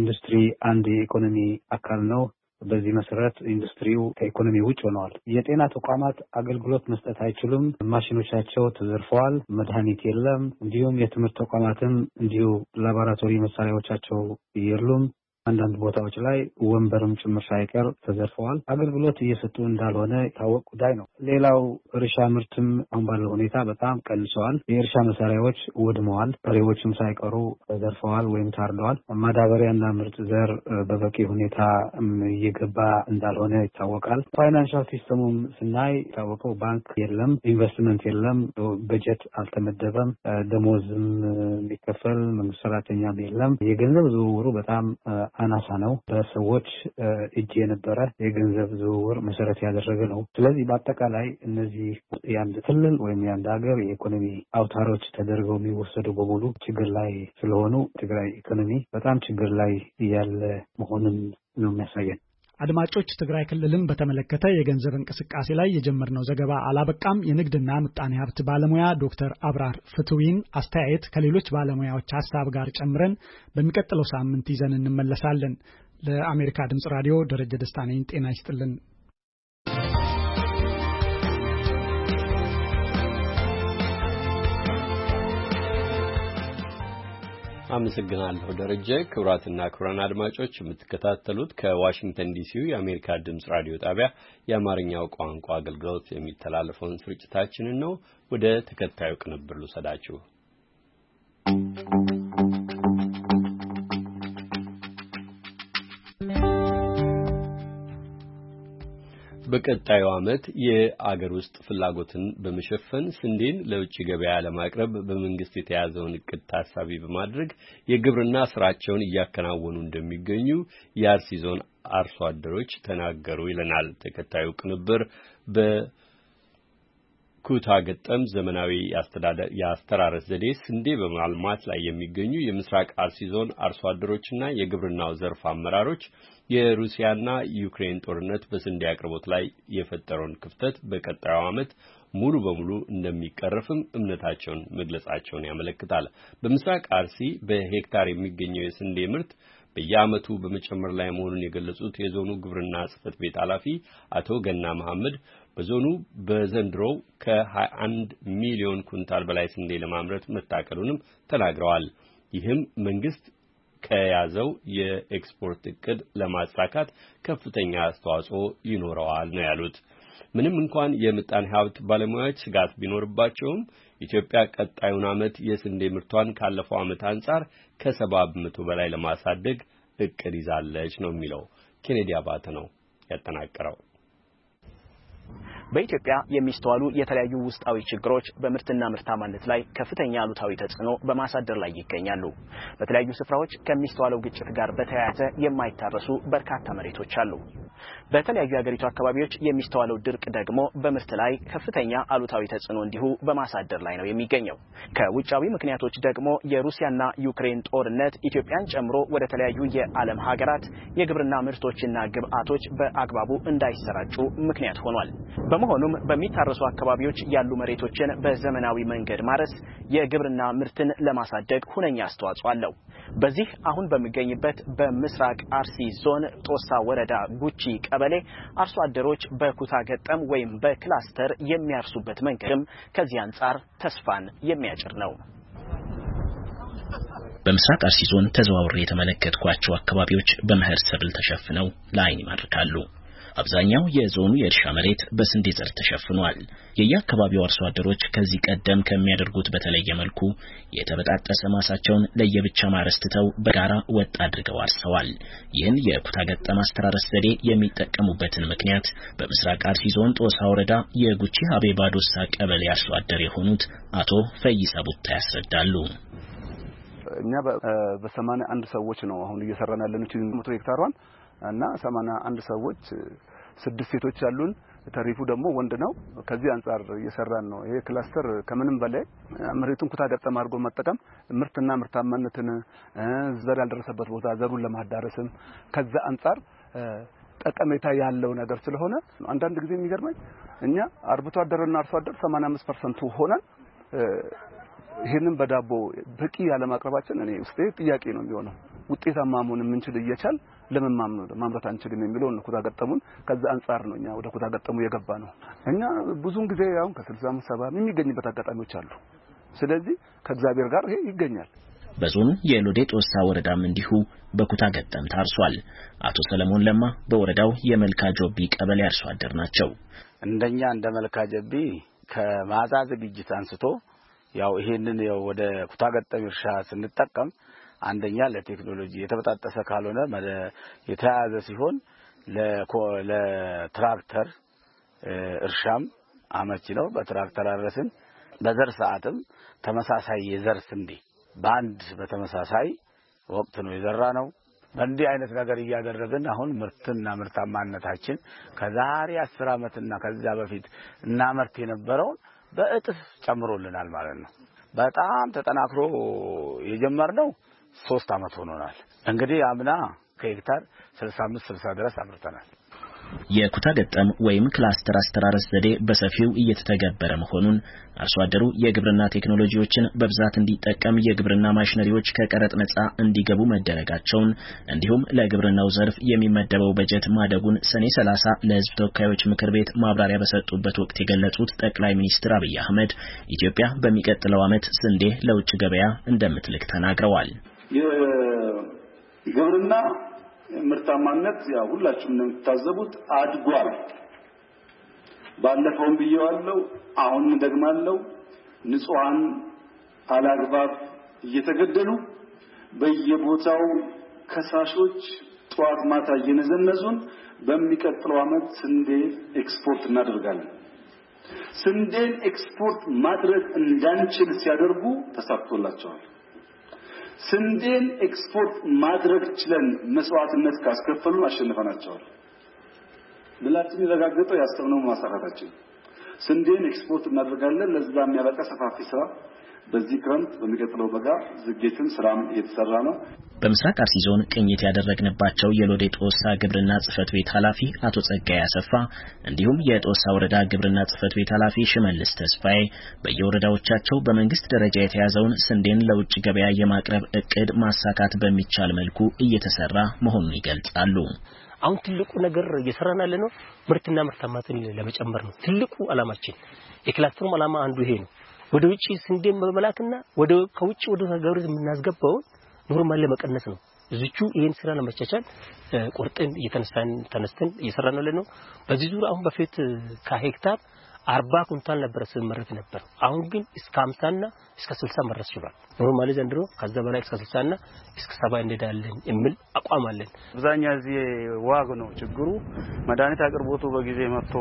ኢንዱስትሪ አንድ የኢኮኖሚ አካል ነው። በዚህ መሰረት ኢንዱስትሪው ከኢኮኖሚ ውጭ ሆነዋል። የጤና ተቋማት አገልግሎት መስጠት አይችሉም። ማሽኖቻቸው ተዘርፈዋል። መድኃኒት የለም። እንዲሁም የትምህርት ተቋማትም እንዲሁ ላቦራቶሪ መሳሪያዎቻቸው የሉም። አንዳንድ ቦታዎች ላይ ወንበርም ጭምር ሳይቀር ተዘርፈዋል። አገልግሎት እየሰጡ እንዳልሆነ የታወቅ ጉዳይ ነው። ሌላው እርሻ ምርትም አሁን ባለው ሁኔታ በጣም ቀንሰዋል። የእርሻ መሳሪያዎች ወድመዋል። በሬዎችም ሳይቀሩ ተዘርፈዋል ወይም ታርደዋል። ማዳበሪያና ምርጥ ዘር በበቂ ሁኔታ እየገባ እንዳልሆነ ይታወቃል። ፋይናንሻል ሲስተሙም ስናይ የታወቀው ባንክ የለም፣ ኢንቨስትመንት የለም፣ በጀት አልተመደበም፣ ደሞዝም የሚከፈል መንግስት ሰራተኛም የለም። የገንዘብ ዝውውሩ በጣም አናሳ ነው። በሰዎች እጅ የነበረ የገንዘብ ዝውውር መሰረት ያደረገ ነው። ስለዚህ በአጠቃላይ እነዚህ የአንድ ክልል ወይም የአንድ ሀገር የኢኮኖሚ አውታሮች ተደርገው የሚወሰዱ በሙሉ ችግር ላይ ስለሆኑ ትግራይ ኢኮኖሚ በጣም ችግር ላይ እያለ መሆኑን ነው የሚያሳየን። አድማጮች ትግራይ ክልልን በተመለከተ የገንዘብ እንቅስቃሴ ላይ የጀመርነው ዘገባ አላበቃም። የንግድና ምጣኔ ሀብት ባለሙያ ዶክተር አብራር ፍትዊን አስተያየት ከሌሎች ባለሙያዎች ሀሳብ ጋር ጨምረን በሚቀጥለው ሳምንት ይዘን እንመለሳለን። ለአሜሪካ ድምጽ ራዲዮ ደረጀ ደስታ ነኝ። ጤና ይስጥልን። አመሰግናለሁ ደረጀ። ክቡራትና ክቡራን አድማጮች የምትከታተሉት ከዋሽንግተን ዲሲው የአሜሪካ ድምፅ ራዲዮ ጣቢያ የአማርኛው ቋንቋ አገልግሎት የሚተላለፈውን ስርጭታችንን ነው። ወደ ተከታዩ ቅንብር ልውሰዳችሁ። በቀጣዩ ዓመት የአገር ውስጥ ፍላጎትን በመሸፈን ስንዴን ለውጭ ገበያ ለማቅረብ በመንግስት የተያዘውን እቅድ ታሳቢ በማድረግ የግብርና ስራቸውን እያከናወኑ እንደሚገኙ የአርሲ ዞን አርሶ አደሮች ተናገሩ ይለናል ተከታዩ ቅንብር። ኩታ ገጠም ዘመናዊ የአስተራረስ ዘዴ ስንዴ በማልማት ላይ የሚገኙ የምስራቅ አርሲ ዞን አርሶ አደሮችና የግብርናው ዘርፍ አመራሮች የሩሲያና ዩክሬን ጦርነት በስንዴ አቅርቦት ላይ የፈጠረውን ክፍተት በቀጣዩ ዓመት ሙሉ በሙሉ እንደሚቀረፍም እምነታቸውን መግለጻቸውን ያመለክታል። በምስራቅ አርሲ በሄክታር የሚገኘው የስንዴ ምርት በየዓመቱ በመጨመር ላይ መሆኑን የገለጹት የዞኑ ግብርና ጽሕፈት ቤት ኃላፊ አቶ ገና መሐመድ በዞኑ በዘንድሮው ከ21 ሚሊዮን ኩንታል በላይ ስንዴ ለማምረት መታቀዱንም ተናግረዋል። ይህም መንግስት ከያዘው የኤክስፖርት እቅድ ለማሳካት ከፍተኛ አስተዋጽኦ ይኖረዋል ነው ያሉት። ምንም እንኳን የምጣኔ ሀብት ባለሙያዎች ስጋት ቢኖርባቸውም ኢትዮጵያ ቀጣዩን ዓመት የስንዴ ምርቷን ካለፈው ዓመት አንጻር ከሰባ በመቶ በላይ ለማሳደግ እቅድ ይዛለች ነው የሚለው። ኬኔዲ አባተ ነው ያጠናቀረው። በኢትዮጵያ የሚስተዋሉ የተለያዩ ውስጣዊ ችግሮች በምርትና ምርታማነት ላይ ከፍተኛ አሉታዊ ተጽዕኖ በማሳደር ላይ ይገኛሉ። በተለያዩ ስፍራዎች ከሚስተዋለው ግጭት ጋር በተያያዘ የማይታረሱ በርካታ መሬቶች አሉ። በተለያዩ የሀገሪቱ አካባቢዎች የሚስተዋለው ድርቅ ደግሞ በምርት ላይ ከፍተኛ አሉታዊ ተጽዕኖ እንዲሁ በማሳደር ላይ ነው የሚገኘው። ከውጫዊ ምክንያቶች ደግሞ የሩሲያና ዩክሬን ጦርነት ኢትዮጵያን ጨምሮ ወደ ተለያዩ የዓለም ሀገራት የግብርና ምርቶችና ግብዓቶች በአግባቡ እንዳይሰራጩ ምክንያት ሆኗል። በመሆኑም በሚታረሱ አካባቢዎች ያሉ መሬቶችን በዘመናዊ መንገድ ማረስ የግብርና ምርትን ለማሳደግ ሁነኛ አስተዋጽኦ አለው። በዚህ አሁን በሚገኝበት በምስራቅ አርሲ ዞን ጦሳ ወረዳ ጉቺ ቀበሌ አርሶ አደሮች በኩታ ገጠም ወይም በክላስተር የሚያርሱበት መንገድም ከዚህ አንጻር ተስፋን የሚያጭር ነው። በምስራቅ አርሲ ዞን ተዘዋውሬ የተመለከትኳቸው አካባቢዎች በመኸር ሰብል ተሸፍነው ለአይን ይማርካሉ። አብዛኛው የዞኑ የእርሻ መሬት በስንዴ ዘር ተሸፍኗል። የየአካባቢው አርሶ አደሮች ከዚህ ቀደም ከሚያደርጉት በተለየ መልኩ የተበጣጠሰ ማሳቸውን ለየብቻ ማረስ ትተው በጋራ ወጥ አድርገው አርሰዋል። ይህን የኩታ ገጠም አስተራረስ ዘዴ የሚጠቀሙበትን ምክንያት በምስራቅ አርሲ ዞን ጦሳ ወረዳ የጉቺ አቤባ ዶሳ ቀበሌ አርሶ አደር የሆኑት አቶ ፈይሳ ቡታ ያስረዳሉ። እኛ በሰማንያ አንድ ሰዎች ነው አሁን እየሰራን ያለነው መቶ ሄክታሯን እና 81 አንድ ሰዎች ስድስት ሴቶች አሉን። ተሪፉ ደግሞ ወንድ ነው። ከዚህ አንጻር እየሰራን ነው። ይሄ ክላስተር ከምንም በላይ መሬቱን ኩታ ገጠም አድርጎ መጠቀም ምርትና ምርታማነትን ዘር ያልደረሰበት ቦታ ዘሩን ለማዳረስም ከዛ አንጻር ጠቀሜታ ያለው ነገር ስለሆነ አንዳንድ ጊዜ የሚገርመኝ እኛ አርብቶ አደርና አርሶ አደር 85 ፐርሰንቱ ሆነን ይህንን በዳቦ በቂ ያለማቅረባችን እኔ ውስጤ ጥያቄ ነው የሚሆነው። ውጤታማ መሆን የምንችል እየቻል ለመማም ነው ማምረት አንችልም የሚለው ነው። ኩታ ገጠሙን ከዛ አንጻር ነው እኛ ወደ ኩታ ገጠሙ የገባ ነው። እኛ ብዙውን ጊዜ አሁን ከስልሳም ሰባም የሚገኝበት አጋጣሚዎች አሉ። ስለዚህ ከእግዚአብሔር ጋር ይሄ ይገኛል። በዞኑ የሎዴ ጦሳ ወረዳም እንዲሁ በኩታ ገጠም ታርሷል። አቶ ሰለሞን ለማ በወረዳው የመልካ ጆቢ ቀበሌ አርሶ አደር ናቸው። እንደኛ እንደ መልካ ጀቢ ከማዛ ዝግጅት አንስቶ ያው ይሄንን ወደ ኩታ ገጠም እርሻ ስንጠቀም አንደኛ ለቴክኖሎጂ የተበጣጠሰ ካልሆነ የተያያዘ ሲሆን ለትራክተር እርሻም አመቺ ነው። በትራክተር አረስን በዘር ሰዓትም ተመሳሳይ የዘር ስንዴ በአንድ በተመሳሳይ ወቅት ነው የዘራ ነው። በእንዲህ አይነት ነገር እያደረግን አሁን ምርትና ምርታማነታችን ከዛሬ አስር ዓመትና ከዚያ በፊት እናመርት የነበረውን በእጥፍ ጨምሮልናል ማለት ነው። በጣም ተጠናክሮ የጀመርነው ሶስት ዓመት ሆኖናል። እንግዲህ አምና ከሄክታር ስልሳ አምስት ስልሳ ድረስ አምርተናል። የኩታ ገጠም ወይም ክላስተር አስተራረስ ዘዴ በሰፊው እየተተገበረ መሆኑን አርሶ አደሩ የግብርና ቴክኖሎጂዎችን በብዛት እንዲጠቀም የግብርና ማሽነሪዎች ከቀረጥ ነጻ እንዲገቡ መደረጋቸውን እንዲሁም ለግብርናው ዘርፍ የሚመደበው በጀት ማደጉን ሰኔ 30 ለሕዝብ ተወካዮች ምክር ቤት ማብራሪያ በሰጡበት ወቅት የገለጹት ጠቅላይ ሚኒስትር አብይ አህመድ ኢትዮጵያ በሚቀጥለው ዓመት ስንዴ ለውጭ ገበያ እንደምትልክ ተናግረዋል። የግብርና ምርታማነት ያው ሁላችሁም እንደምትታዘቡት አድጓል። ባለፈውም ብየዋለው፣ አሁንም ደግማለው። ንጹሃን አላግባብ እየተገደሉ በየቦታው ከሳሾች ጠዋት ማታ እየነዘነዙን በሚቀጥለው ዓመት ስንዴ ኤክስፖርት እናደርጋለን። ስንዴን ኤክስፖርት ማድረግ እንዳንችል ሲያደርጉ ተሳክቶላቸዋል። ስንዴን ኤክስፖርት ማድረግ ችለን መስዋዕትነት ካስከፈሉ አሸንፈናቸዋል። ድላችን የረጋገጠው ያሰብነው ማሳካታችን። ስንዴን ኤክስፖርት እናደርጋለን። ለዛ የሚያበቃ ሰፋፊ ስራ በዚህ ክረምት በሚቀጥለው በጋ ዝግጅትም ስራም እየተሰራ ነው። በምስራቅ አርሲ ዞን ቅኝት ያደረግንባቸው የሎዴ ጦሳ ግብርና ጽህፈት ቤት ኃላፊ አቶ ጸጋይ አሰፋ እንዲሁም የጦሳ ወረዳ ግብርና ጽህፈት ቤት ኃላፊ ሽመልስ ተስፋዬ በየወረዳዎቻቸው በመንግስት ደረጃ የተያዘውን ስንዴን ለውጭ ገበያ የማቅረብ እቅድ ማሳካት በሚቻል መልኩ እየተሰራ መሆኑን ይገልጻሉ። አሁን ትልቁ ነገር እየሰራን ያለ ነው ምርትና ምርታማነትን ለመጨመር ነው። ትልቁ አላማችን የክላስተሩም አላማ አንዱ ይሄ ነው። ወደ ውጪ ስንዴ መላክና ወደ ከውጪ ወደ ሀገር የምናስገባውን ኖርማል ለመቀነስ ነው። እዚቹ ይሄን ስራ ለመቻቻል ቁርጥን እየተነሳን ተነስተን እየሰራን ነው። በዚህ ዙር አሁን በፊት ከሄክታር አርባ ኩንታል ነበረ ሲመረት ነበር። አሁን ግን እስከ ሀምሳና እስከ ስልሳ መረስ ችሏል። ኖርማሊ ዘንድሮ ከዛ በላይ እስከ ስልሳና እስከ ሰባ እንሄዳለን የሚል አቋም አለን። አብዛኛ እዚህ ዋግ ነው ችግሩ። መድኃኒት አቅርቦቱ በጊዜ መጥቶ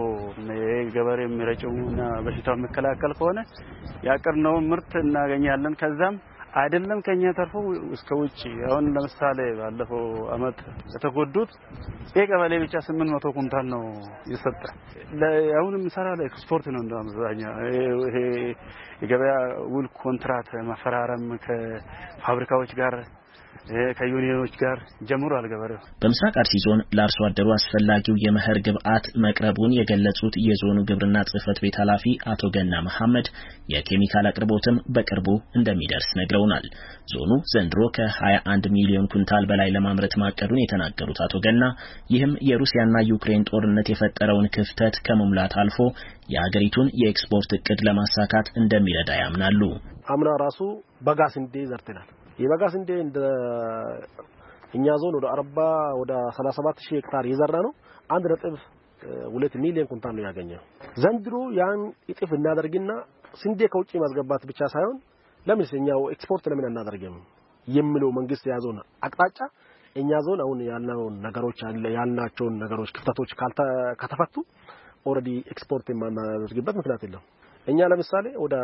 ገበሬ የሚረጨውና በሽታው የሚከላከል ከሆነ ያቀርነውን ምርት እናገኛለን ከዛም አይደለም ከኛ ተርፎ እስከ ውጪ አሁን ለምሳሌ ባለፈው አመት የተጎዱት ይሄ ቀበሌ ብቻ ስምንት መቶ ኩንታል ነው የሰጠ። አሁን የምሰራ ለኤክስፖርት ነው እንደ አብዛኛ ይሄ የገበያ ውል ኮንትራት መፈራረም ከፋብሪካዎች ጋር ከዩኒዮኖች ጋር ጀምሯል። ገበሬው በምስራቅ አርሲ ዞን ለአርሶ አደሩ አስፈላጊው የመኸር ግብዓት መቅረቡን የገለጹት የዞኑ ግብርና ጽሕፈት ቤት ኃላፊ አቶ ገና መሐመድ የኬሚካል አቅርቦትም በቅርቡ እንደሚደርስ ነግረውናል። ዞኑ ዘንድሮ ከ21 ሚሊዮን ኩንታል በላይ ለማምረት ማቀዱን የተናገሩት አቶ ገና ይህም የሩሲያና ዩክሬን ጦርነት የፈጠረውን ክፍተት ከመሙላት አልፎ የሀገሪቱን የኤክስፖርት እቅድ ለማሳካት እንደሚረዳ ያምናሉ። አምና ራሱ በጋ ስንዴ ዘርተናል። የበጋ ስንዴ እንደ እኛ ዞን ወደ 40 ወደ 37 ሺህ ሄክታር የዘራ ነው አንድ ነጥብ ሁለት ሚሊዮን ኩንታል ነው ያገኘው። ዘንድሮ ያን እጥፍ እናደርግና ስንዴ ከውጭ ማስገባት ብቻ ሳይሆን ለምን እኛው ኤክስፖርት ለምን አናደርግም የሚለው መንግስት የያዘውን አቅጣጫ እኛ ዞን አሁን ያልነውን ነገሮች ያልናቸውን ነገሮች ክፍተቶች ከተፈቱ ኦልሬዲ ኤክስፖርት የማናደርግበት ምክንያት የለም። እኛ ለምሳሌ ወደ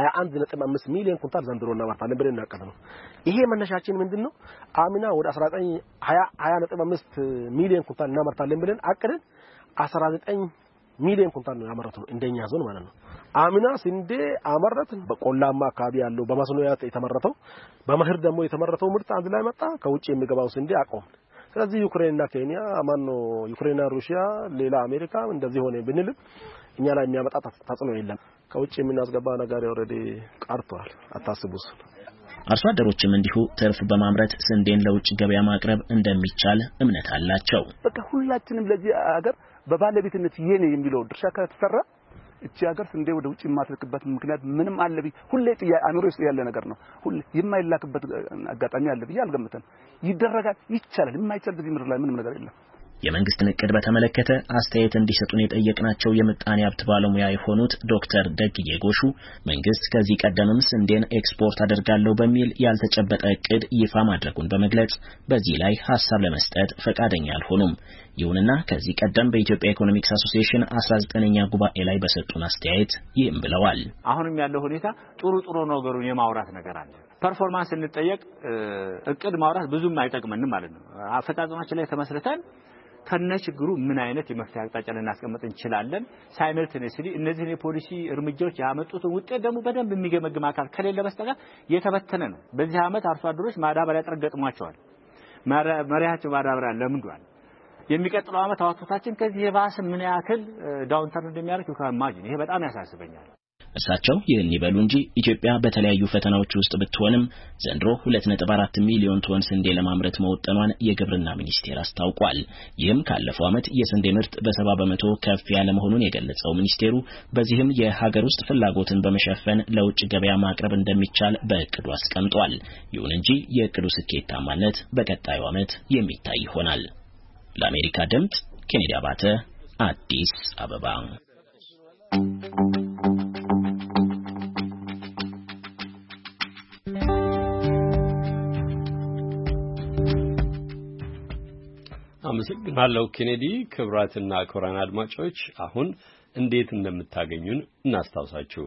21.5 ሚሊዮን ኩንታል ዘንድሮ እናመርታለን ብለን እናቀድነው። ይሄ መነሻችን ምንድነው? አሚና ወደ 19 20 20.5 ሚሊዮን ኩንታል እናመርታለን ብለን አቅደን 19 ሚሊዮን ኩንታል ነው ያመረትነው እንደኛ ዞን ማለት ነው። አምና ስንዴ አመረትን። በቆላማ አካባቢ ያለው በመስኖ የተመረተው በመህር ደግሞ የተመረተው ምርት አንድ ላይ መጣ። ከውጭ የሚገባው ስንዴ አቆም። ስለዚህ ዩክሬንና ኬንያ ማነው ዩክሬንና ሩሲያ ሌላ አሜሪካ እንደዚህ ሆነ ብንልም እኛ ላይ የሚያመጣ ተጽዕኖ የለም። ከውጭ የምናስገባ ነገር ኦልሬዲ ቀርቷል። አታስቡስ። አርሶ አደሮችም እንዲሁ ትርፍ በማምረት ስንዴን ለውጭ ገበያ ማቅረብ እንደሚቻል እምነት አላቸው። በቃ ሁላችንም ለዚህ ሀገር በባለቤትነት የኔ የሚለው ድርሻ ከተሰራ እቺ ሀገር ስንዴ ወደ ውጭ የማትልክበት ምክንያት ምንም አለ ብዬ ሁሌ አእምሮ ውስጥ ያለ ነገር ነው። ሁሌ የማይላክበት አጋጣሚ አለ ብዬ አልገምተም። ይደረጋል፣ ይቻላል። የማይቻል በዚህ ምድር ላይ ምንም ነገር የለም። የመንግስትን እቅድ በተመለከተ አስተያየት እንዲሰጡን የጠየቅናቸው የምጣኔ ሀብት ባለሙያ የሆኑት ዶክተር ደግዬ ጎሹ መንግስት ከዚህ ቀደምም ስንዴን ኤክስፖርት አደርጋለሁ በሚል ያልተጨበጠ እቅድ ይፋ ማድረጉን በመግለጽ በዚህ ላይ ሀሳብ ለመስጠት ፈቃደኛ አልሆኑም። ይሁንና ከዚህ ቀደም በኢትዮጵያ ኢኮኖሚክስ አሶሲዬሽን 19 ኛ ጉባኤ ላይ በሰጡን አስተያየት ይህም ብለዋል። አሁንም ያለው ሁኔታ ጥሩ ጥሩ ነገሩን የማውራት ነገር አለ። ፐርፎርማንስ እንጠየቅ እቅድ ማውራት ብዙም አይጠቅመንም ማለት ነው። አፈጻጸማችን ላይ ተመስርተን ከነ ችግሩ ምን አይነት የመፍትሄ አቅጣጫ ልናስቀምጥ እንችላለን። ሳይመልተነስሊ እነዚህን የፖሊሲ እርምጃዎች ያመጡትን ውጤት ደግሞ በደንብ የሚገመግም አካል ከሌለ በስተቀር የተበተነ ነው። በዚህ ዓመት አርሶ አደሮች ማዳበሪያ እጥረት ገጥሟቸዋል። መሪያቸው ማዳበሪያ ለምዷል። የሚቀጥለው ዓመት አዋቶታችን ከዚህ የባሰ ምን ያክል ዳውንተርን እንደሚያደርግ ዩካን ማጅን ይሄ በጣም ያሳስበኛል። እሳቸው ይህን ይበሉ እንጂ ኢትዮጵያ በተለያዩ ፈተናዎች ውስጥ ብትሆንም ዘንድሮ 2.4 ሚሊዮን ቶን ስንዴ ለማምረት መወጠኗን የግብርና ሚኒስቴር አስታውቋል። ይህም ካለፈው ዓመት የስንዴ ምርት በሰባ በመቶ ከፍ ያለ መሆኑን የገለጸው ሚኒስቴሩ በዚህም የሀገር ውስጥ ፍላጎትን በመሸፈን ለውጭ ገበያ ማቅረብ እንደሚቻል በእቅዱ አስቀምጧል። ይሁን እንጂ የእቅዱ ስኬታማነት በቀጣዩ ዓመት የሚታይ ይሆናል። ለአሜሪካ ድምፅ ኬኔዲ አባተ አዲስ አበባ አመሰግናለሁ ኬኔዲ። ክብራትና ክቡራን አድማጮች አሁን እንዴት እንደምታገኙን እናስታውሳችሁ።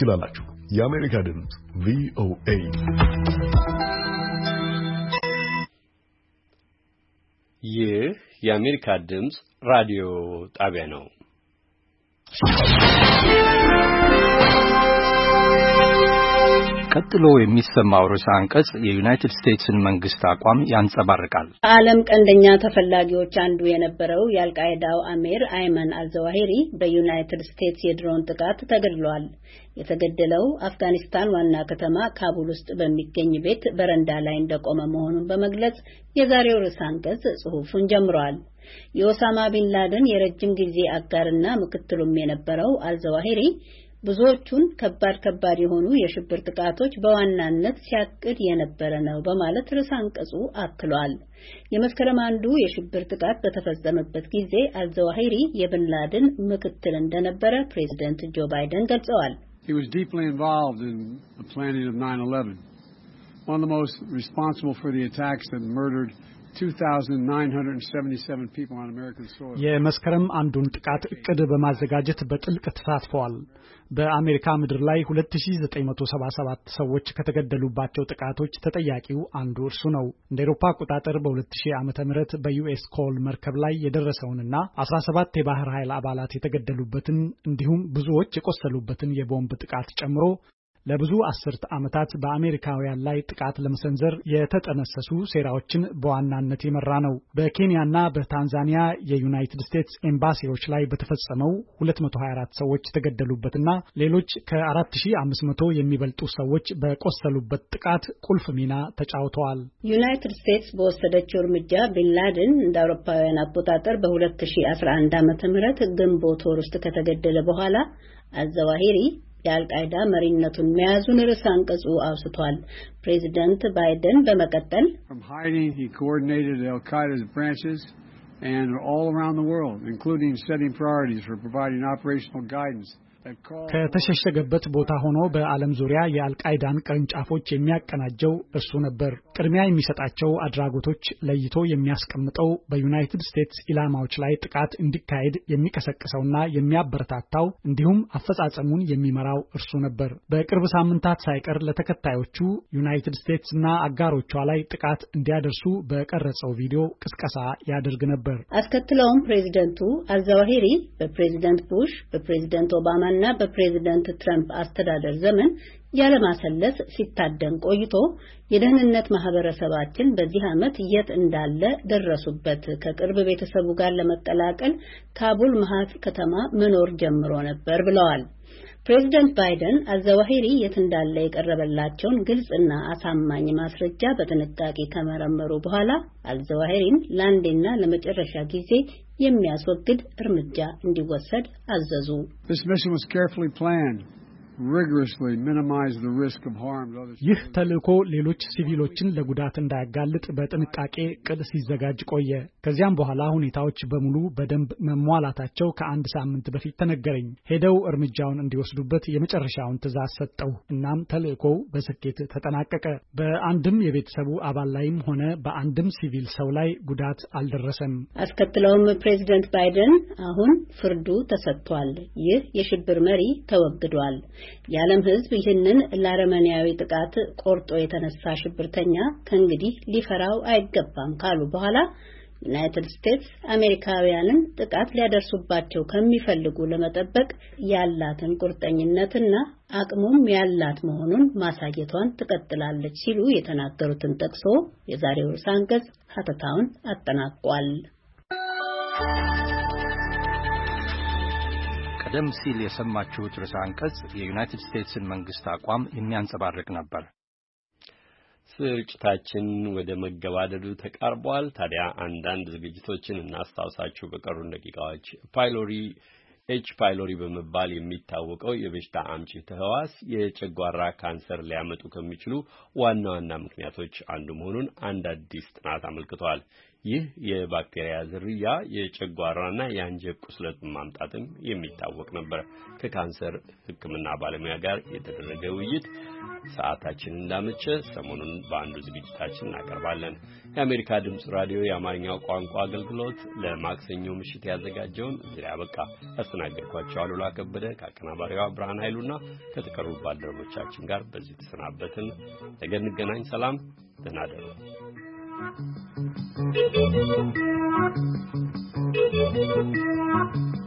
ትችላላችሁ። የአሜሪካ ድምፅ ቪኦኤ ይህ የአሜሪካ ድምፅ ራዲዮ ጣቢያ ነው። ቀጥሎ የሚሰማው ርዕሰ አንቀጽ የዩናይትድ ስቴትስን መንግስት አቋም ያንጸባርቃል። ከዓለም ቀንደኛ ተፈላጊዎች አንዱ የነበረው የአልቃይዳው አሜር አይመን አልዘዋሂሪ በዩናይትድ ስቴትስ የድሮን ጥቃት ተገድሏል። የተገደለው አፍጋኒስታን ዋና ከተማ ካቡል ውስጥ በሚገኝ ቤት በረንዳ ላይ እንደቆመ መሆኑን በመግለጽ የዛሬው ርዕስ አንቀጽ ጽሑፉን ጀምሯል። የኦሳማ ቢን ላደን የረጅም ጊዜ አጋርና ምክትሉም የነበረው አልዘዋሂሪ ብዙዎቹን ከባድ ከባድ የሆኑ የሽብር ጥቃቶች በዋናነት ሲያቅድ የነበረ ነው በማለት ርዕስ አንቀጹ አክሏል። የመስከረም አንዱ የሽብር ጥቃት በተፈጸመበት ጊዜ አልዘዋሂሪ የብን ላደን ምክትል እንደነበረ ፕሬዚደንት ጆ ባይደን ገልጸዋል። He was deeply involved in the planning of 9 11, one of the most responsible for the attacks that murdered 2,977 people on American soil. የመስከረም አንዱን ጥቃት እቅድ በማዘጋጀት በጥልቅ ተሳትፈዋል። በአሜሪካ ምድር ላይ 2977 ሰዎች ከተገደሉባቸው ጥቃቶች ተጠያቂው አንዱ እርሱ ነው። እንደ ኤሮፓ አቆጣጠር በ2000 ዓ ም በዩኤስ ኮል መርከብ ላይ የደረሰውንና 17 የባህር ኃይል አባላት የተገደሉበትን እንዲሁም ብዙዎች የቆሰሉበትን የቦምብ ጥቃት ጨምሮ ለብዙ አስርት ዓመታት በአሜሪካውያን ላይ ጥቃት ለመሰንዘር የተጠነሰሱ ሴራዎችን በዋናነት የመራ ነው። በኬንያና በታንዛኒያ የዩናይትድ ስቴትስ ኤምባሲዎች ላይ በተፈጸመው 224 ሰዎች የተገደሉበትና ሌሎች ከ4500 የሚበልጡ ሰዎች በቆሰሉበት ጥቃት ቁልፍ ሚና ተጫውተዋል። ዩናይትድ ስቴትስ በወሰደችው እርምጃ ቢንላደን እንደ አውሮፓውያን አቆጣጠር በ2011 ዓ ም ግንቦት ወር ውስጥ ከተገደለ በኋላ አዘዋሂሪ የአልቃይዳ መሪነቱን መያዙን coordinated አንቀጹ አውስቷል። ፕሬዚደንት ባይደን በመቀጠል And all around the world, including setting priorities for providing operational guidance. ከተሸሸገበት ቦታ ሆኖ በዓለም ዙሪያ የአልቃይዳን ቅርንጫፎች የሚያቀናጀው እርሱ ነበር። ቅድሚያ የሚሰጣቸው አድራጎቶች ለይቶ የሚያስቀምጠው በዩናይትድ ስቴትስ ኢላማዎች ላይ ጥቃት እንዲካሄድ የሚቀሰቅሰውና የሚያበረታታው እንዲሁም አፈጻጸሙን የሚመራው እርሱ ነበር። በቅርብ ሳምንታት ሳይቀር ለተከታዮቹ ዩናይትድ እና አጋሮቿ ላይ ጥቃት እንዲያደርሱ በቀረጸው ቪዲዮ ቅስቀሳ ያደርግ ነበር። አስከትለውም ፕሬዚደንቱ አልዛዋሂሪ በፕሬዚደንት ቡሽ፣ በፕሬዚደንት ኦባማ ኦባማና በፕሬዝደንት ትረምፕ አስተዳደር ዘመን ያለማሰለስ ሲታደን ቆይቶ የደህንነት ማህበረሰባችን በዚህ ዓመት የት እንዳለ ደረሱበት። ከቅርብ ቤተሰቡ ጋር ለመቀላቀል ካቡል መሀፍ ከተማ መኖር ጀምሮ ነበር ብለዋል። ፕሬዚደንት ባይደን አዘዋሂሪ የት እንዳለ የቀረበላቸውን ግልጽና አሳማኝ ማስረጃ በጥንቃቄ ከመረመሩ በኋላ አልዘዋሂሪን ለአንዴና ለመጨረሻ ጊዜ የሚያስወግድ እርምጃ እንዲወሰድ አዘዙ። ይህ ተልእኮ ሌሎች ሲቪሎችን ለጉዳት እንዳያጋልጥ በጥንቃቄ ቅድ ሲዘጋጅ ቆየ። ከዚያም በኋላ ሁኔታዎች በሙሉ በደንብ መሟላታቸው ከአንድ ሳምንት በፊት ተነገረኝ። ሄደው እርምጃውን እንዲወስዱበት የመጨረሻውን ትዕዛዝ ሰጠው። እናም ተልእኮው በስኬት ተጠናቀቀ። በአንድም የቤተሰቡ አባል ላይም ሆነ በአንድም ሲቪል ሰው ላይ ጉዳት አልደረሰም። አስከትለውም ፕሬዚደንት ባይደን አሁን ፍርዱ ተሰጥቷል፣ ይህ የሽብር መሪ ተወግዷል የዓለም ሕዝብ ይህንን ለአረመኔያዊ ጥቃት ቆርጦ የተነሳ ሽብርተኛ ከእንግዲህ ሊፈራው አይገባም ካሉ በኋላ ዩናይትድ ስቴትስ አሜሪካውያንን ጥቃት ሊያደርሱባቸው ከሚፈልጉ ለመጠበቅ ያላትን ቁርጠኝነትና አቅሙም ያላት መሆኑን ማሳየቷን ትቀጥላለች ሲሉ የተናገሩትን ጠቅሶ የዛሬው ርዕሰ አንቀጽ ሀተታውን አጠናቋል። ቀደም ሲል የሰማችሁት ርዕሰ አንቀጽ የዩናይትድ ስቴትስን መንግሥት አቋም የሚያንጸባርቅ ነበር። ስርጭታችን ወደ መገባደዱ ተቃርቧል። ታዲያ አንዳንድ ዝግጅቶችን እናስታውሳችሁ በቀሩን ደቂቃዎች ፓይሎሪ ኤች ፓይሎሪ በመባል የሚታወቀው የበሽታ አምጪ ተህዋስ የጨጓራ ካንሰር ሊያመጡ ከሚችሉ ዋና ዋና ምክንያቶች አንዱ መሆኑን አንድ አዲስ ጥናት አመልክቷል። ይህ የባክቴሪያ ዝርያ የጨጓራና የአንጀት ቁስለት ማምጣትም የሚታወቅ ነበር። ከካንሰር ሕክምና ባለሙያ ጋር የተደረገ ውይይት ሰዓታችን እንዳመቸ ሰሞኑን በአንዱ ዝግጅታችን እናቀርባለን። የአሜሪካ ድምፅ ራዲዮ የአማርኛው ቋንቋ አገልግሎት ለማክሰኞ ምሽት ያዘጋጀውን እዚህ ላይ አበቃ። ያስተናገድኳቸው አሉላ ከበደ ከአቀናባሪዋ ብርሃን ኃይሉና ከተቀሩ ባልደረቦቻችን ጋር በዚህ ተሰናበትን። ነገ እንገናኝ። ሰላም፣ ደህና ደሩ። Thank you.